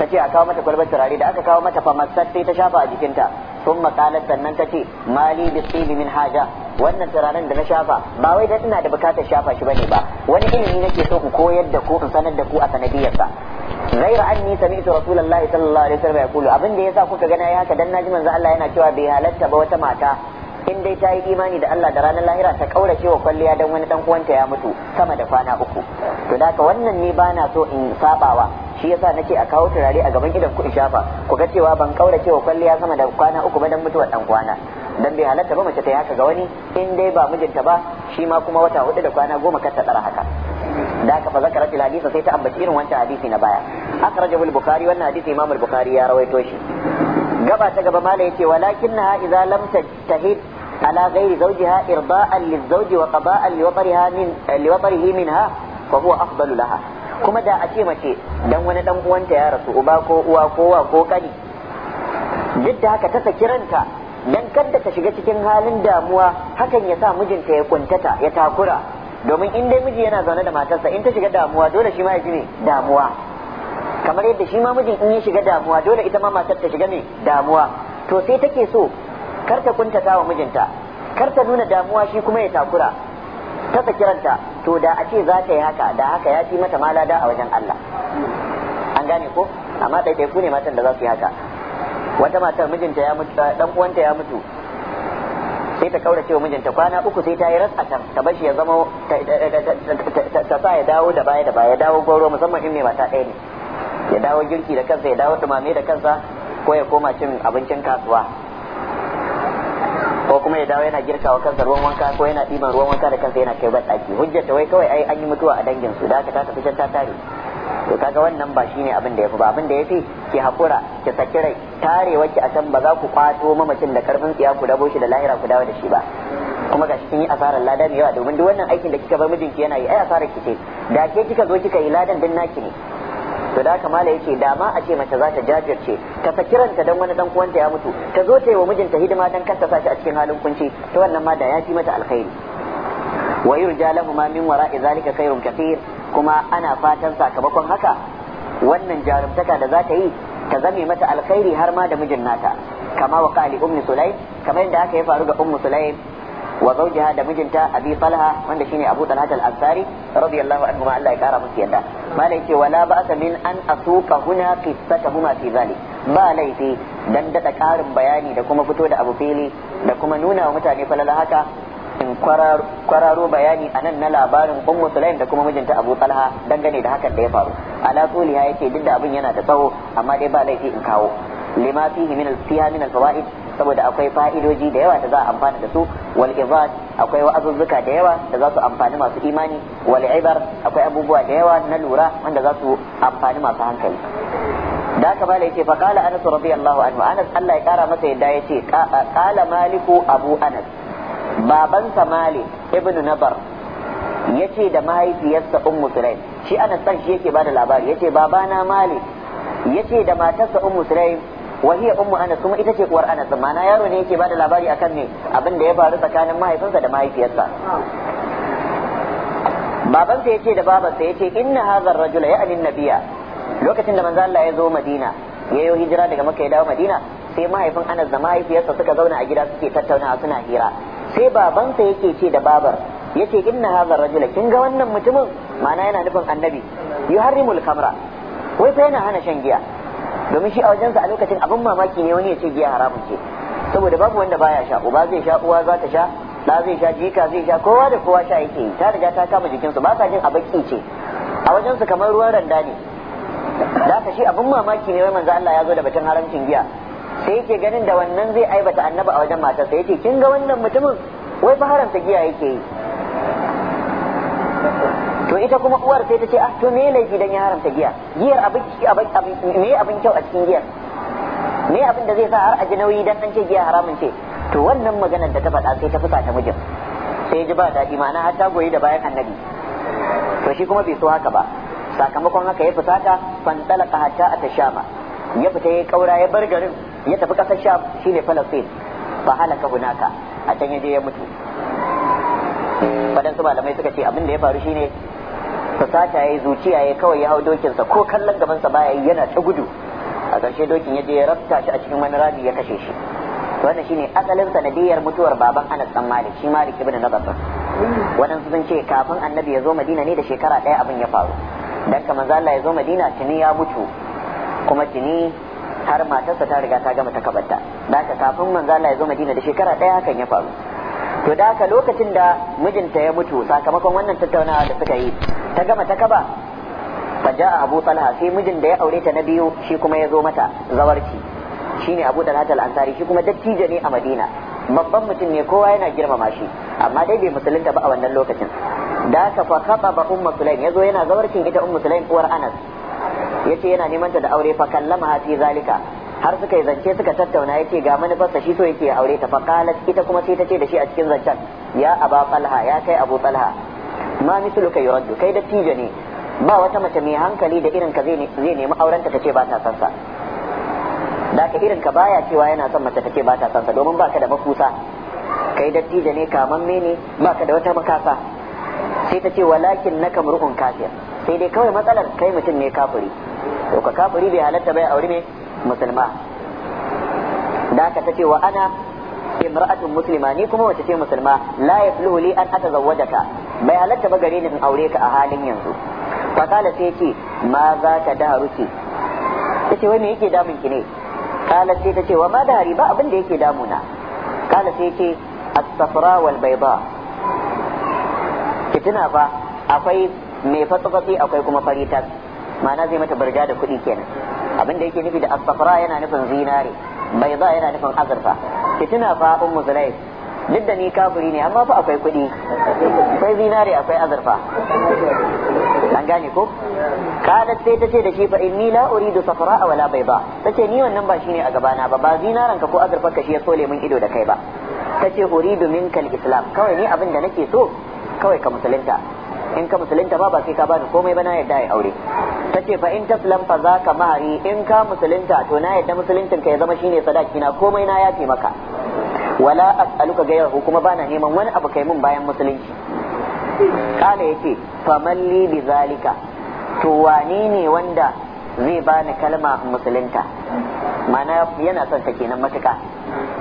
Speaker 1: ta ce a kawo mata kwalbar turare da aka kawo mata famassar sai ta shafa a jikinta sun makalar sannan ta ce mali da tsibi min haja wannan turaren da na shafa ba wai da ina da bukatar shafa shi bane ba wani ilimi nake so ku koyar da ku in sanar da ku a sanadiyarsa غير أني سمعت رسول الله صلى الله عليه وسلم يقول أبن دي يسا كوكا غنا يا كدن ناجي منزا الله ينا cewa bai halarta ba wata mata. in dai ta yi imani da Allah da ranar lahira ta kaurace wa kwalliya don wani dan uwanta ya mutu sama da kwana uku to da haka wannan ne ba na so in sabawa shi yasa nake a kawo turare a gaban gidan ku in shafa ku ga cewa ban kaurace wa kwalliya sama da kwana uku ba dan mutuwar dan kwana dan bai halatta ba mace ta haka ga wani in dai ba mijinta ba shi ma kuma wata hudu da kwana goma kar ta tsara haka da haka fa fil hadisi sai ta ambaci irin wancan hadisi na baya akhrajahu al-bukhari wannan hadisi imam al-bukhari ya rawaito shi gaba ta gaba mala yace walakinnaha idza lam tajtahid ala ghairi zawjiha irda'an lizawji wa qada'an liwaqriha min liwaqrihi minha fa huwa afdalu laha kuma da a ce mace dan wani dan uwanta ya rasu uba ko uwa ko wa ko kani duk da haka ta saki ranta dan kadda ta shiga cikin halin damuwa hakan ya sa mijinta ya kuntata ya takura domin in dai miji yana zaune da matarsa in ta shiga damuwa dole shi ma ya ji damuwa kamar yadda shi ma mijin in ya shiga damuwa dole ita ma matar ta shiga ne damuwa to sai take so kar ta kuntata wa mijinta kar ta nuna damuwa shi kuma ya takura ta kiranta to da a ce za ta yi haka da haka ya fi mata malada a wajen Allah an gane ko amma ɗaiɗaiku ne matan da za su yi haka wata matar mijinta ya mutu dan uwanta ya mutu sai ta kaura cewa mijinta kwana uku sai ta yi a can ta bashi ya zama ta sa ya dawo da baya da baya ya dawo goro musamman in mai mata ɗaya ne ya dawo girki da kansa ya dawo tumame da kansa ko ya koma cin abincin kasuwa ko kuma ya dawo yana girkawa kansa ruwan wanka ko yana ɗiban ruwan wanka da kansa yana kai ba ɗaki hujjar ta wai kawai ai an yi mutuwa a dangin su da aka ta tafi can ta tare to kaga wannan ba shine abin da yafi ba abin da yafi ki hakura ki saki rai tare wacce a can ba za ku kwato mamacin da karfin tsiya ku dabo shi da lahira ku dawo da shi ba kuma ga cikin yi asarar lada mai yawa domin duk wannan aikin da kika bar mijinki yana yi ai asarar ki ce da ke kika zo kika yi ladan din naki ne to da kamala yace da ma a ce mace za ta jajirce ta saki ranta dan wani dan uwanta ya mutu ta zo ta yi wa mijinta hidima dan kanta sashi a cikin halin kunci to wannan ma da ya fi mata alkhairi wa yurja lahu ma min wara'i zalika khairun kathir kuma ana fatan sakamakon haka wannan jarumtaka da za ta yi ta zame mata alkhairi har ma da mijin nata kama wa kali ummi sulaim kamar yadda aka ya faru ga ummu sulaim wa zawjiha da mijinta abi talha wanda shine abu talha al-ansari radiyallahu anhu ma Allah ya kara musu yadda mala yace wala ba'sa min an asuka huna qissatahuma fi zalik ba laifi dan daɗa ƙarin bayani da kuma fito da abu fili da kuma nuna wa mutane falala haka in kwararo bayani a nan na labarin ummu sulaim da kuma mijinta abu talha dangane da hakan da ya faru ala ya yace duk da abin yana da tsawo amma dai ba laifi in kawo lima fihi min fiha min alfawaid saboda akwai fa'idoji da yawa da za a amfana da su wal akwai wa'azuzzuka da yawa da za su amfani masu imani wal ibar akwai abubuwa da yawa na lura wanda za su amfani masu hankali da haka bala yace fa qala anas radiyallahu anhu anas Allah ya kara masa yadda yace qala maliku abu anas babansa malik ibn nabar ya ce da mahaifiyarsa ummu sulaim shi ana san shi yake bada labari ya ce babana malik ya ce da matarsa ummu sulaim wahiya ummu anas kuma ita ce uwar anas ma'ana yaro ne yake bada labari akan me abin da ya faru tsakanin mahaifinsa da mahaifiyarsa babansa ya ce da babansa ya ce inna hadha rajula ya'ni nabiya lokacin da manzo Allah ya zo Madina ya yi hijira daga Makka ya dawo Madina sai mahaifin Anas da mahaifiyarsa suka zauna a gida suke tattaunawa suna hira sai babansa yake ce da babar yace inna hadha rajula kin ga wannan mutumin mana yana nufin annabi yuharrimul kamra wai fa yana hana shan giya domin shi a sa a lokacin abin mamaki ne wani ya ce giya haramun ce saboda babu wanda baya sha uba zai sha uwa za ta sha da zai sha jika zai sha kowa da kowa sha yake yi ta riga ta kama jikinsu ba sa jin a baki ce a wajen su kamar ruwan randa ne da ka shi abin mamaki ne wai manzo Allah ya zo da batun haramcin giya sai yake ganin da wannan zai aibata annaba a wajen matarsa yake kin ga wannan mutumin wai ba haramta giya yake yi to ita kuma uwar sai ta ce ah to me laifi dan ya haramta giya giyar abin me abin kyau a cikin giyar me abin da zai sa har aji nauyi dan an ce giya haramun ce to wannan maganar da ta faɗa sai ta fusa ta mijin sai ji ba daɗi ma'ana har ta goyi da bayan annabi to shi kuma bai so haka ba sakamakon haka ya fusata fan talaka hatta ba ya fita ya kaura ya bar garin ya tafi kasar sham ne falastin ba halaka hunaka a can yaje ya mutu waɗansu malamai suka ce abin da ya faru shine sata ya yi zuciya ya kawai ya hau dokinsa ko kallon gabansa baya yi yana ta gudu a ƙarshe dokin ya je ya rafta shi a cikin wani rami ya kashe shi wannan ne asalin sanadiyar mutuwar baban Anas dan Malik shi Malik ibn Nabath waɗansu sun ce kafin annabi ya zo Madina ne da shekara ɗaya abin ya faru dan kamar zalla ya zo Madina tuni ya mutu kuma tuni har matarsa ta riga ta gama ta da ka kafin manzo Allah ya zo Madina da shekara ɗaya hakan ya faru to da haka lokacin da mijinta ya mutu sakamakon wannan tattaunawa da suka yi ta gama takaba kaba faja Abu Talha sai mijin da ya aure ta na biyu shi kuma ya zo mata zawarci shine Abu Talha al-Ansari shi kuma dattijo ne a Madina babban mutum ne kowa yana girmama shi amma dai bai musulunta ba a wannan lokacin da haka fa khataba ummu sulaim yazo yana zawarcin ita ummu sulaim uwar Anas Ya ce yana neman ta da aure fa kallama fi zalika har suka yi zance suka tattauna ya ce ga manufarsa shi so yake aure ta fa qalat ita kuma sai ta ce da shi a cikin zancen ya aba talha ya kai abu talha ma misluka yuraddu kai da tije ne ba wata mace mai hankali da irin ka zai nemi aurenta ta ce ba ta san sa da ka irin ka baya cewa yana son mace ta ce ba ta san sa domin baka da makusa kai dattijo ne kaman ne baka da wata makasa sai ta ce walakin naka ruhun kafir sai dai kawai matsalar kai mutum ne kafiri to ka kafiri bai halatta bai aure ne musulma da aka ta ce wa ana imra'atun muslima ni kuma wace ce musulma la yafluhu li an atazawwajaka bai halatta ba gare ni in aure ka a halin yanzu fa kala sai ce ma za ka da ruki tace wai me yake damun ki ne kala sai tace wa ma da hari ba abin da yake damuna kala sai ce as-safra wal bayda ki tuna fa akwai mai fatsi akwai kuma fari tas ma'ana zai mata barga da kuɗi kenan abin da yake nufi da asfafra yana nufin zinare bai za yana nufin azurfa Fitina fa ummu zulai duk da ni kafiri ne amma fa akwai kuɗi akwai zinare akwai azurfa an gane ko kalat sai ta ce da shi fa inni la uridu safra wala bayda tace ni wannan ba shine a gabana ba ba zinaran ka ko azurfa ka shi ya sole min ido da kai ba tace uridu minkal islam kawai ni abin da nake so kawai ka musulunta in ka musulunta ba ba sai ka bani komai ba na yadda ya aure ta ce fa in ta filan fa za ka mahari in ka musulunta to na yadda musuluncin ya zama shine sadaki na komai na yafe maka wala as'aluka hu kuma bana neman wani abu kai mun bayan musulunci kala yace fa bi zalika to wani ne wanda zai bani kalma musulunta mana yana son ta kenan matuka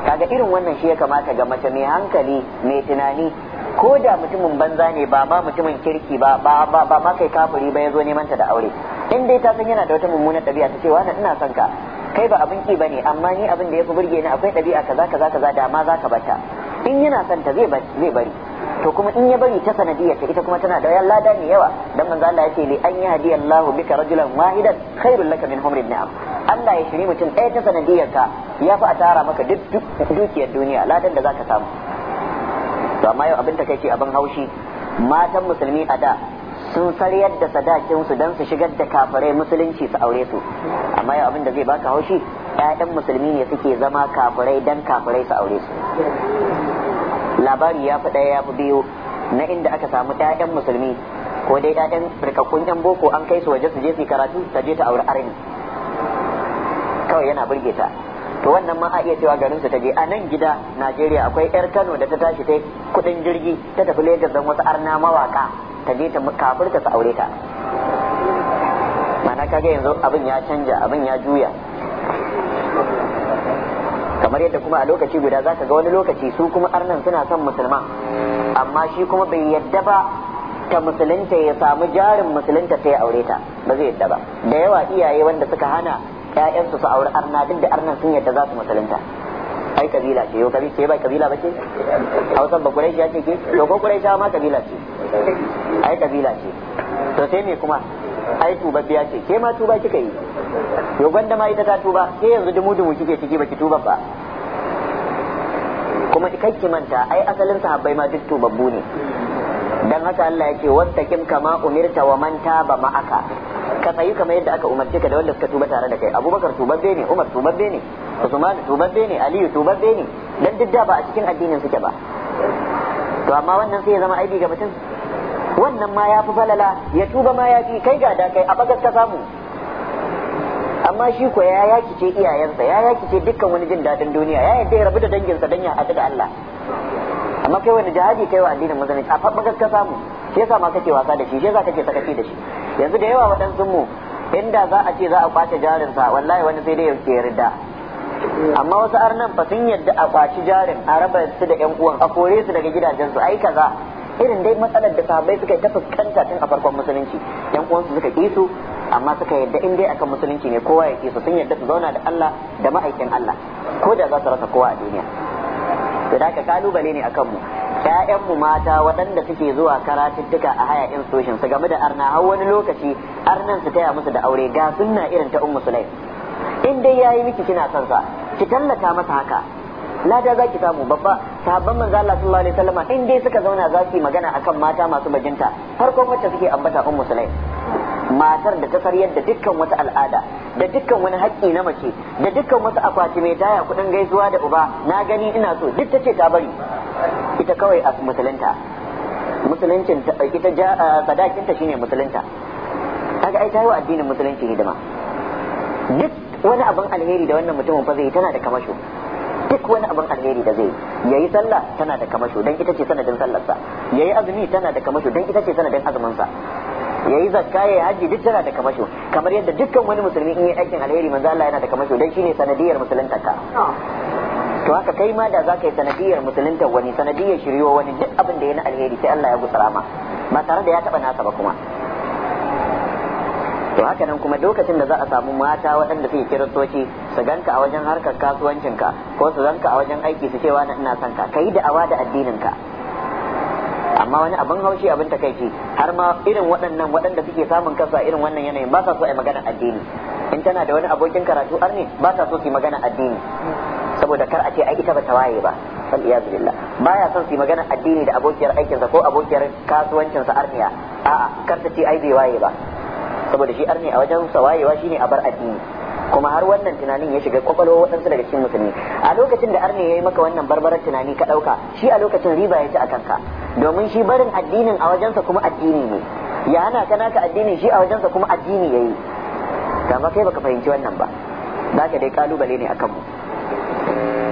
Speaker 1: kaga irin wannan shi ya kamata ga mace mai hankali mai tunani ko da mutumin banza ne ba ma mutumin kirki ba ba ba ba ma kai kafiri ba yazo neman ta da aure in dai ta san yana da wata mummunar ɗabi'a ta ce wani ina son ka kai ba abin ki bane amma ni abin da yafi burge ni akwai ɗabi'a kaza kaza kaza da ma zaka bata in yana son ta zai bari to kuma in ya bari ta sanadiyar ta ita kuma tana da lada ne yawa dan manzo Allah ya ce li an yahdi Allah bika rajulan wahidan khairul laka min humrin ni'am Allah ya shiri mutum ɗaya ta sanadiyar ka ya fi a tara maka duk dukiyar duniya ladan da zaka samu to amma yau abin takaici abin haushi matan musulmi a da sun saryar da sadakinsu su dan su shigar da kafirai musulunci su aure su amma yau abin da zai baka haushi ƴaƴan musulmi ne suke zama kafirai dan kafirai su aure su labari ya fi ɗaya ya fi biyu na inda aka samu ƴaƴan musulmi ko dai ƴaƴan rikakkun ƴan boko an kai su waje su je su karatu ta je ta aure arni kawai yana burge ta to wannan ma a iya cewa garin su ta je a nan gida Najeriya akwai yar Kano da ta tashi ta kudin jirgi ta tafi Lagos don wasu arna mawaka ta je ta ta su aure ta mana kage yanzu abin ya canja abin ya juya kamar yadda kuma a lokaci guda zaka ga wani lokaci su kuma arnan suna son musulma amma shi kuma bai yadda ba ta musulunta ya samu jarin musulunta sai aure ta ba zai yadda ba da yawa iyaye wanda suka hana ƴaƴansu su auri arna duk da arnan sun yadda za su musulunta ai kabila ce yau kabila ce ba kabila ba ce wasan ba ya ce ke to ko kurai ma kabila ce ai kabila ce to sai me kuma ai tuba biya ce ke ma tuba kika yi yo gwanda ma ita ta tuba ke yanzu dumu dumu kike ciki baki tuba ba kuma kai ki manta ai asalin sahabbai ma duk tubabbu ne dan haka Allah ya ce kama umirta wa man taba ma'aka ka tsayi kamar yadda aka umarce ka da wanda suka tuba tare da kai abubakar tubabbe ne umar tubabbe ne usman tubabbe ne aliyu tubabbe ne dan duk da ba a cikin addinin suke ba to amma wannan sai ya zama aibi ga mutum wannan ma ya fi falala ya tuba ma ya kai ga da kai a bagas ka samu amma shi ko ya yakice iyayensa ya ce dukkan wani jin dadin duniya ya yadda ya rabu da danginsa dan ya haɗu Allah amma kai wani jihadi kai wa addinin musulunci a faɓɓa gaske samu shi yasa ma kake wasa da shi shi yasa kake sakaci da shi yanzu da yawa waɗansu mu inda za a ce za a kwace jarinsa wallahi wani sai dai ya yarda amma wasu arnan fa sun yadda a kwaci jarin a raba su da yan uwan a kore su daga gidajen su ai kaza irin dai matsalar da sahabbai suka yi ta fuskanta tun a farkon musulunci yan su suka kisu amma suka yadda in dai akan musulunci ne kowa ya kisu sun yadda su zauna da Allah da ma'aikin Allah ko da za su rasa kowa a duniya da ka kalubale ne akan mu ƴaƴanmu mata waɗanda suke zuwa duka a haya institution su game da arna har wani lokaci arnan su taya musu da aure ga sunna irin ta ummu sulaim in dai yayi miki kina son sa ki tallata masa haka lada za ki samu babba sahabban manzo Allah sallallahu alaihi wasallam in dai suka zauna za su yi magana akan mata masu bajinta farkon wacce suke ambata ummu sulaim matar da ta saryar da dukkan wata al'ada da dukkan wani haƙƙi na mace da dukkan wasu akwati mai taya kuɗin gaisuwa da uba na gani ina so duk ta ce ta bari ita kawai a musulunta musuluncin ita ta shine musulunta kaga ai ta yi wa addinin musulunci hidima duk wani abin alheri da wannan mutumin fa zai tana da kamasho duk wani abin alheri da zai yayi sallah tana da kamasho dan ita ce sanadin sallarsa yayi azumi tana da kamasho dan ita ce sanadin azumin sa yayi zakka yayi haji duk tana da kamasho kamar yadda dukkan wani musulmi in yi aikin alheri manzo Allah yana da kamasho dan shine sanadiyar ka. Oh. to haka kai ma da zaka yi sanadiyar musulunta wani sanadiyar shiryo wani duk abin da yana alheri sai Allah ya gutsara ma ba tare da ya taba nasa ba kuma to haka nan kuma lokacin da za a samu mata waɗanda suke kiristoci su ganka a wajen harkar kasuwancinka ko su ganka a wajen aiki su cewa ina son ka kai da awa da addinin ka amma wani abin haushi abin takaici har ma irin waɗannan waɗanda suke samun kansu a irin wannan yanayin ba sa so a magana addini in tana da wani abokin karatu arne ba sa so su yi magana addini saboda kar a ce ai ita ba ta waye ba sal iyazu billah baya son su yi magana addini da abokiyar aikinsa ko abokiyar kasuwancinsa arniya a'a kar ta ce ai bai waye ba saboda shi arne a wajen sa wayewa shine a bar addini kuma har wannan tunanin ya shiga kwakwalwa waɗansu daga cikin musulmi a lokacin da arne ya yi maka wannan barbarar tunani ka ɗauka shi a lokacin riba ya ci a kanka domin shi barin addinin a wajensa kuma addini ne ya hana ka naka addinin shi a wajensa kuma addini ya yi ba kai baka fahimci wannan ba za ka dai kalubale ne a kanmu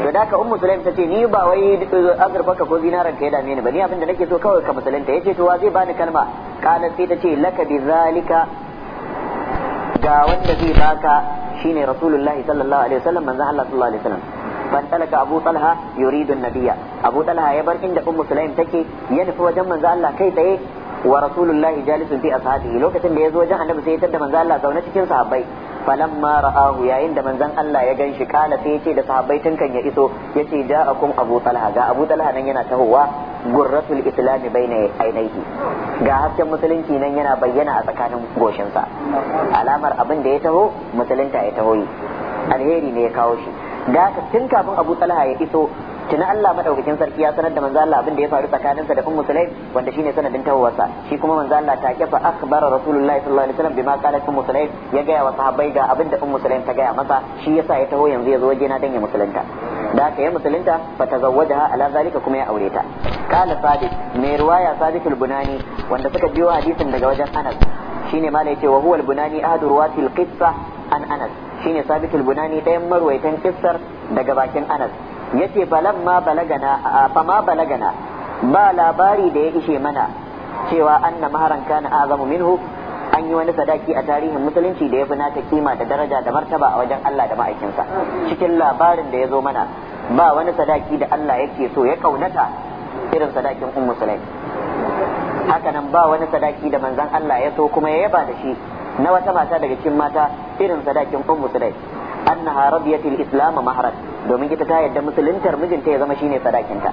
Speaker 1: to da ka ummu sulaim ta ce ni ba wai azurfa ka ko zinaran ka ya dame ni ba ni abin da nake so kawai ka musulunta yace to wa zai bani kalma kana sai ta ce laka bi zalika ga wanda zai baka shine rasulullahi sallallahu alaihi wasallam manzon Allah sallallahu alaihi wasallam فانطلق ابو طلحه يريد النبي ابو طلحه ta عند ام سليم تكي ينفي وجه من الله كي تيه ورسول الله جالس في اصحابه lokacin da zo wajen annabi sai ya tada manzo Allah zaune cikin sahabbai falamma ra'ahu yayin da manzon Allah ya ganshi kala sai yace da sahabbai tun kan ya iso yace ja'akum Abu Talha ga Abu Talha nan yana tahowa gurratul islam baina ainihi ga hasken musulunci nan yana bayyana a tsakanin goshinsa alamar abin da ya taho musulunta ya taho yi alheri ne ya kawo shi da tun kafin Abu Talha ya iso tuna Allah madaukakin sarki ya sanar da manzo Allah abin da ya faru sa da ummu sulaim wanda shine sanadin tawawarsa shi kuma manzo Allah ta kafa akhbara rasulullahi sallallahu alaihi wasallam bima qalat ummu sulaim ya gaya wa sahabbai ga abin da ummu sulaim ta gaya masa shi yasa ya taho yanzu ya zo waje na dan ya musulunta da haka ya musulunta fa tazawwajaha ala zalika kuma ya aure ta qala sadiq mai riwaya sadiq al-bunani wanda suka biyo hadisin daga wajen Anas shine ya yace wa huwa al-bunani ahadu ruwati al-qissa an Anas shine sabitul bunani dayan marwaitan kissar daga bakin Anas yace balan ma balagana ma balagana ba labari da ya ishe mana cewa anna maharan kana azamu minhu an yi wani sadaki a tarihin musulunci da ya fi nata kima da daraja da martaba a wajen Allah da ma'aikinsa cikin labarin da ya zo mana ba wani sadaki da Allah yake so ya kaunata irin sadakin ummu sulaim haka nan ba wani sadaki da manzon Allah ya so kuma ya yaba da shi na wata mata daga cikin mata irin sadakin ummu sulaim annaha radiyatil islam maharat domin ita ta yadda musuluntar mijinta ya zama shine sadakinta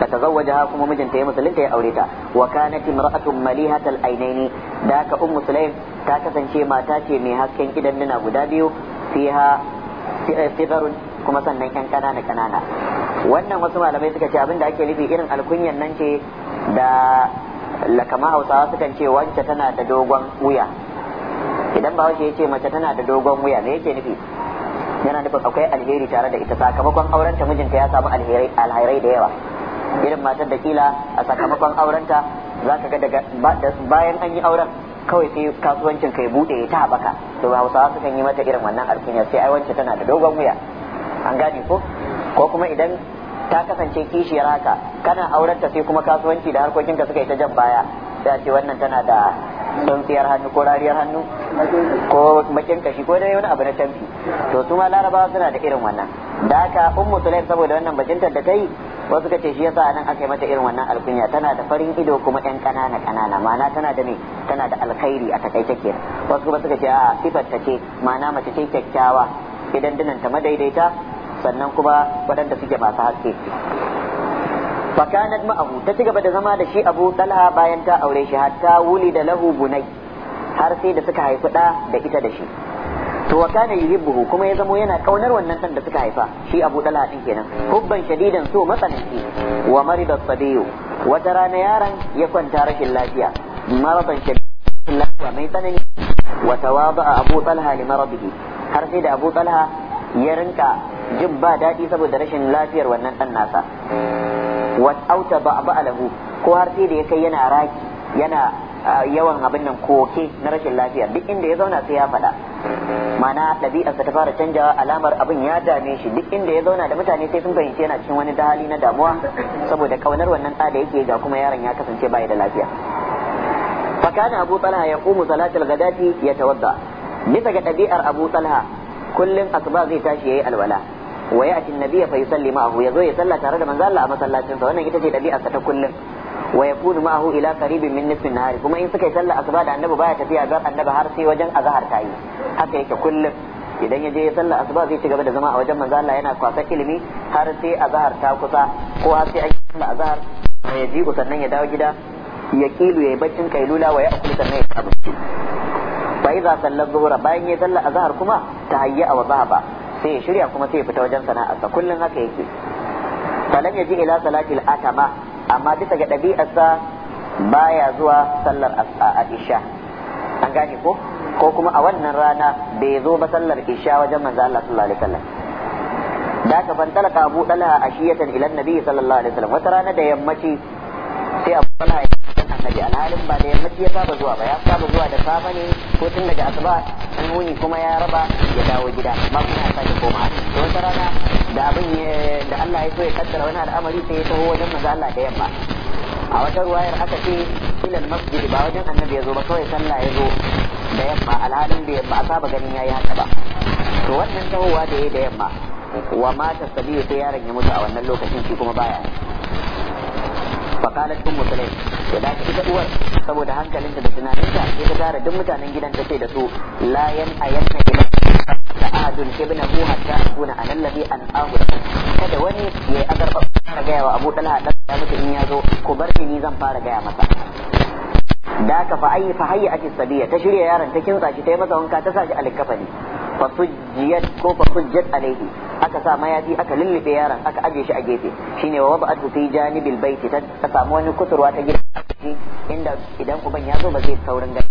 Speaker 1: ta tazawwajaha kuma mijinta ya musulunta ya aure ta wa kanat imra'atun malihatal ainaini da ka ummu sulaim ta kasance mata ce mai hasken idan nuna guda biyu fiha eh, sigarun kuma sannan yan kanana kanana wannan wasu malamai suka ce abinda ake nufi irin alkunyan nan ce da lakama hausawa sukan ce wance tana da dogon wuya idan ba ya ce mace tana da dogon wuya me yake nufi yana nufin akwai alheri tare da ita sakamakon auren ta mijinta ya samu alherai da yawa irin matar da kila a sakamakon aurenta za ka ga daga bayan an yi auren kawai sai kasuwancin kai bude ya ta baka to hausawa sukan yi mata irin wannan alkunya sai ai wance tana da dogon wuya an gane ko ko kuma idan ta kasance kishiyar haka kana aurenta sai kuma kasuwanci da harkokin ka suka yi ta jan baya sai ce wannan tana da tsayar hannu ko rariyar hannu ko makin kashi ko dai wani abu na canfi to su ma larabawa suna da irin wannan da haka ummu sulaim saboda wannan bajintar da ta yi wasu kace shi yasa nan aka yi mata irin wannan alkunya tana da farin ido kuma yan kanana kanana ma'ana tana da ne tana da alkhairi a takaice ke wasu kuma suka ce a sifar ta ce ma'ana mace ce kyakkyawa idan dinanta madaidaita sannan kuma waɗanda suke masu haske fakanat ma'ahu ta ci gaba da zama da shi abu talha bayan ta aure shi hatta wuli da lahu bunai har sai da suka haifi ɗa da ita da shi to wa kana yuhibbuhu kuma ya zamo yana kaunar wannan dan da suka haifa shi Abu Talha din kenan hubban shadidan so matsananci wa marida sabiyu wata rana yaron ya kwanta rashin lafiya maradan shadidan lafiya mai tsanani wa tawada'a Abu Talha li maradihi har sai da Abu Talha ya rinka jin ba daɗi saboda rashin lafiyar wannan dan nasa wa auta a lahu ko har sai da ya kai yana raki yana yawan abin nan koke na rashin lafiya duk inda ya zauna sai ya faɗa mana ɗabi'arsa ta fara canjawa alamar abin ya dame shi duk inda ya zauna da mutane sai sun fahimci yana cikin wani dahali na damuwa saboda kaunar wannan tsada da yake ga kuma yaron ya kasance bai da lafiya fakana abu talha ya kumu salatul gadati ya tawadda bisa ga ɗabi'ar abu talha kullum asuba zai tashi yayi alwala wa ya'ti an-nabiyya fa yusalli ma'ahu yazo ya salla tare da manzo Allah a masallacin sa wannan ita ce dabi'ar sa ta kullum wa yakunu ma'ahu ila qaribin min nisfin nahar kuma in suka yi sallar asuba da annabi baya tafiya ga annabi har sai wajen azhar tayi haka yake kullum idan ya je ya sallar asuba zai ci gaba da zama a wajen manzo Allah yana kwasa ilimi har sai azhar ta kusa ko har sai an yi sallar azhar ya ji sannan ya dawo gida ya kilu ya yi baccin kailula wa ya akulu sannan ya ci abinci fa idza salla dhuhra bayan ya salla azhar kuma tahayya wa dhahaba sai ya shirya kuma sai ya fita wajen sana'arsa kullum haka yake falam yaji ila salatil atama amma bisa ga ɗabi'arsa baya zuwa sallar isha an gane ko ko kuma a wannan rana bai zo ba sallar isha wajen manzo Allah sallallahu alaihi wasallam da ka fantalaka Abu Talha ashiyatan ila Nabi sallallahu alaihi wasallam wata rana da yammaci sai Abu Talha ya san annabi alhalin ba da yammaci ya saba zuwa ba ya saba zuwa da safa ne ko tun daga asuba muni kuma ya raba ya dawo gida ba kuma ya sake koma da wata rana da abin da Allah ya so ya kaddara wani al'amari sai ya taho wajen manzo Allah da yamma a wata ruwayar aka ce ilal masjid ba wajen annabi ya zo ba kawai sallah ya zo da yamma alhalin da yamma a saba ganin yayi haka ba to wannan tahowa da yayi da yamma wa mata sabiyu sai yaron ya mutu a wannan lokacin shi kuma baya fa qalat musulai ya to da ita uwar saboda hankalinta da tunaninta sai ta tara duk mutanen gidan ta ce da su la yan ayanna ila sa'adun ibnahu hatta akuna a alladhi an ahura kada wani yayi azarba fara gaya wa abu talha dan ya mutu in ya zo ku bar ni zan fara gaya masa da haka fa ayi fa hayya ati sabiya ta shirya yaron ta kintsa shi ta yi masa wanka ta sa shi alikafani fasujjiyat ko fasujjat alaihi aka sa mayafi aka lullube yaron aka aje shi a gefe shine wa wada'atu fi janibil baiti ta samu wani kusurwa ta gida inda idan uban ya zo ba zai saurin gani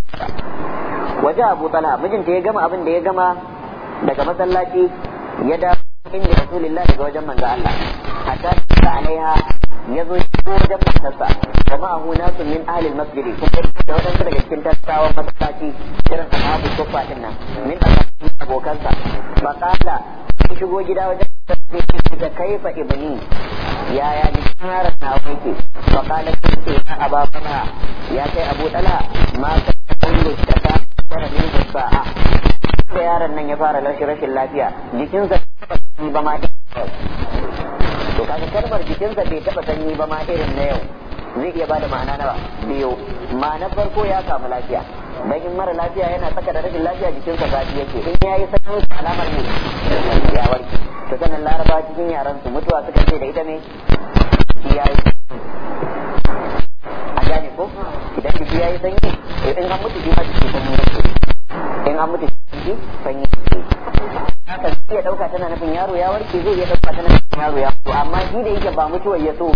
Speaker 1: waje Abu Talha mijinta ya gama abin da ya gama daga masallaci ya dawo inda Rasulullah daga wajen manzo Allah hatta alaiha ya zo wajen kuma wa ma'ahu nasu min ahlil masjidi kuma da wadansu daga cikin tattawa masallaci irin ashabu sufa din nan min abokansa kala qala shigo gida wajen da kaifa ibni yaya ni yaron na wanke fa qala kunti na ababana ya kai abu dala ma ka kullu da ka fara da sa'a da yaron nan ya fara rashin lafiya jikinsa ba ma kaga kalmar sa bai taba sanyi ba ma irin na yau zai iya bada ma'ana na biyu ma'anar farko ya samu lafiya dan in mara lafiya yana saka da rashin lafiya jikinsa zafi yake in yayi sanyi alamar ne ya warke to sanan laraba cikin yaran su mutuwa suka ce da ita ne yayi a gane ko idan jiki yayi sanyi idan in mutu jiki ma jiki sanyi in an mutu jiki sanyi haka zai iya dauka tana nufin yaro ya warke zai iya dauka tana nufin yaro ya warke amma shi da yake ba mutuwar ya so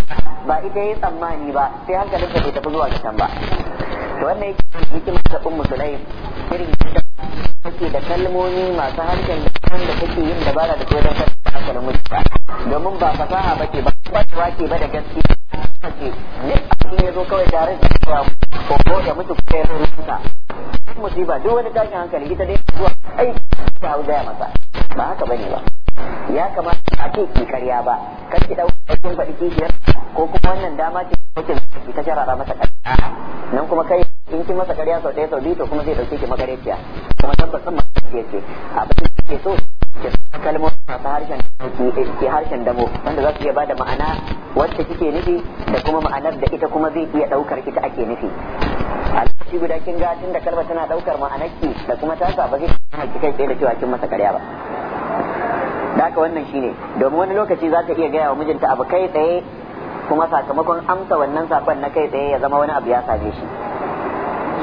Speaker 1: ba ita ya tsammani ba sai hankalinka bai tafi zuwa ga can ba to wannan yake cikin ta ummu sulaim irin da take da kalmomi masu harshen da take yin dabara da koyar da hankalin mutuwa domin ba fasaha ke ba kwacewa ce ba da gaskiya ce duk abin ya zo kawai tare da cewa ko da mutu ko ya rubuta musiba duk wani tashin hankali ita dai zuwa aiki ta gaya masa ba haka bane ba ya kamata a ce ki karya ba kar ki dauki aikin faɗi kishiyar ko kuma wannan dama ce kake ki ta jarara masa karya nan kuma kai in ki masa karya sau ɗaya sau biyu to kuma zai dauke ki magareciya kuma tabbasin ma ce abin da ke so ke kalmomi masu harshen ke harshen damo wanda za su iya bada ma'ana wacce kike nufi da kuma ma'anar da ita kuma zai iya daukar ita ake nufi a lokaci guda kin ga tunda kalmar tana daukar ma'anar ki da kuma ta ba zai kai da cewa kin masa karya ba da haka wannan shine domin wani lokaci za ta iya gaya wa mijinta abu kai tsaye kuma sakamakon amsa wannan sakon na kai tsaye ya zama wani abu ya same shi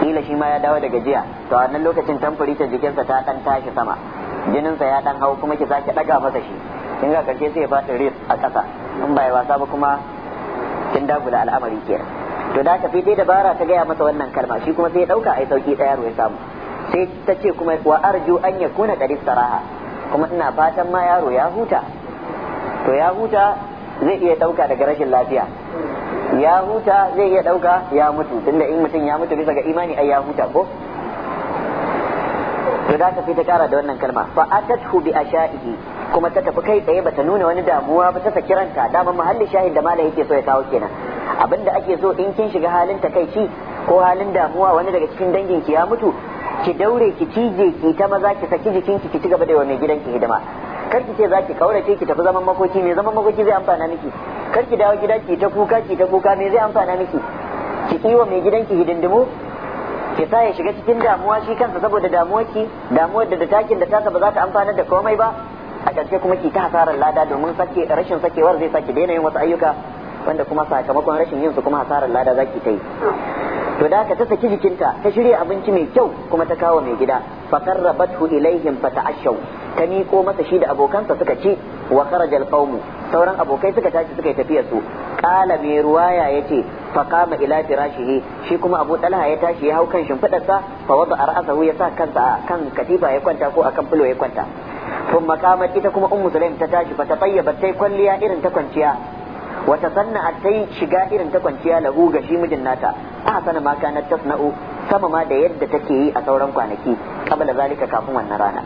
Speaker 1: kila shi ma ya dawo daga jiya to a wannan lokacin tamfuri ta jikinsa ta dan tashi sama jininsa ya dan hau kuma ki sake daga masa shi kin ga karshe sai ya fata ris a kasa in bai wasa ba kuma kin dagula al'amari kenan to da ta fite dabara ta gaya masa wannan kalma shi kuma sai ya dauka ai sauki yaro ya samu sai ta ce kuma wa arju an yakuna qad istaraha kuma ina fatan ma yaro ya huta to ya huta zai iya dauka daga rashin lafiya ya huta zai iya dauka ya mutu tunda in mutum ya mutu bisa ga imani ai ya huta ko to za ka fi ta kara da wannan kalma fa atathu bi ashaihi kuma ta tafi kai tsaye bata nuna wani damuwa ba ta saki ranta daman mahalli shahin da malai yake so ya kawo kenan abinda ake so in kin shiga halin ta takaici ko halin damuwa wani daga cikin dangin ki ya mutu ki daure ki cije ki ta maza ki saki jikinki ki ci gaba da yawan mai gidanki hidima kar ki ce za ki kaurace ki tafi zaman makoki me zaman makoki zai amfana miki kar ki dawo gida ki ta kuka ki ta kuka me zai amfana miki ki wa mai gidanki hidindimu ke sa ya shiga cikin damuwa shi kansa saboda damuwa ki damuwar da da takin da tasa ba za ta amfanar da komai ba a ƙarshe kuma ki ta hasarar lada domin sake rashin sakewar zai sake daina yin wasu ayyuka wanda kuma sakamakon rashin yin su kuma hasarar lada zaki ta yi to da ka ta saki jikinta ta shirya abinci mai kyau kuma ta kawo mai gida fa qarrabathu ilaihim fa ta'ashaw ta miko masa shi da abokansa suka ci wa kharaja al sauran abokai suka tashi suka yi tafiyar su qala mai ruwaya yace fa qama ila firashihi shi kuma Abu Talha ya tashi ya hau kan shimfidar sa fa wada ra'sahu ya sa kansa kan katifa ya kwanta ko akan filo ya kwanta thumma qamat ita kuma ummu sulaim ta tashi fa tabayyabat tai kwalliya irin ta kwanciya wata sanna ta yi shiga irin ta kwanciya lahu ga shi mijin nata a sana ma kanat tasna'u sama ma da yadda take yi a sauran kwanaki kabla zalika kafin wannan rana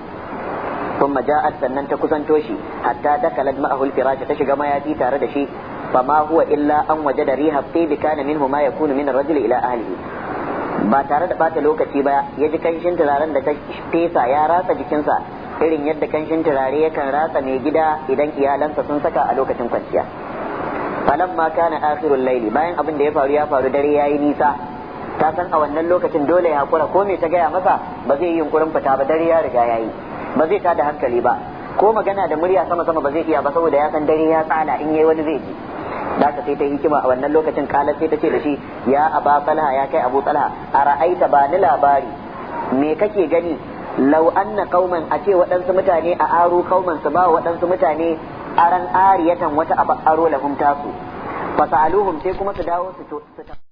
Speaker 1: ثم جاءت sannan ta kusanto shi hatta dakalat ma'ahu al-firash ta shiga mayafi tare da shi fama huwa illa an da riha tibi kana minhu ma yakunu min ar-rajul ila ahlihi ba tare da bata lokaci ba ya ji kanshin turaren da ta fesa ya ratsa jikinsa irin yadda kanshin turare yakan ratsa mai gida idan iyalansa sun saka a lokacin kwanciya ma kana akhirul layli bayan abin da ya faru ya faru dare yayi nisa ta san a wannan lokacin dole ya hakura ko me ta gaya masa ba zai yi yunkurin fita ba dare ya riga yayi ba zai tada hankali ba ko magana da murya sama sama ba zai iya ba saboda ya san dare ya tsala in yayi wani zai ji da sai ta hikima a wannan lokacin kala sai ta ce da shi ya aba talha ya kai abu talha a ra'aita ba ni labari me kake gani lau anna qauman a ce waɗansu mutane a aro qauman su ba waɗansu mutane aran ariyatan wata abu aro lahum tasu fasaluhum sai kuma su dawo su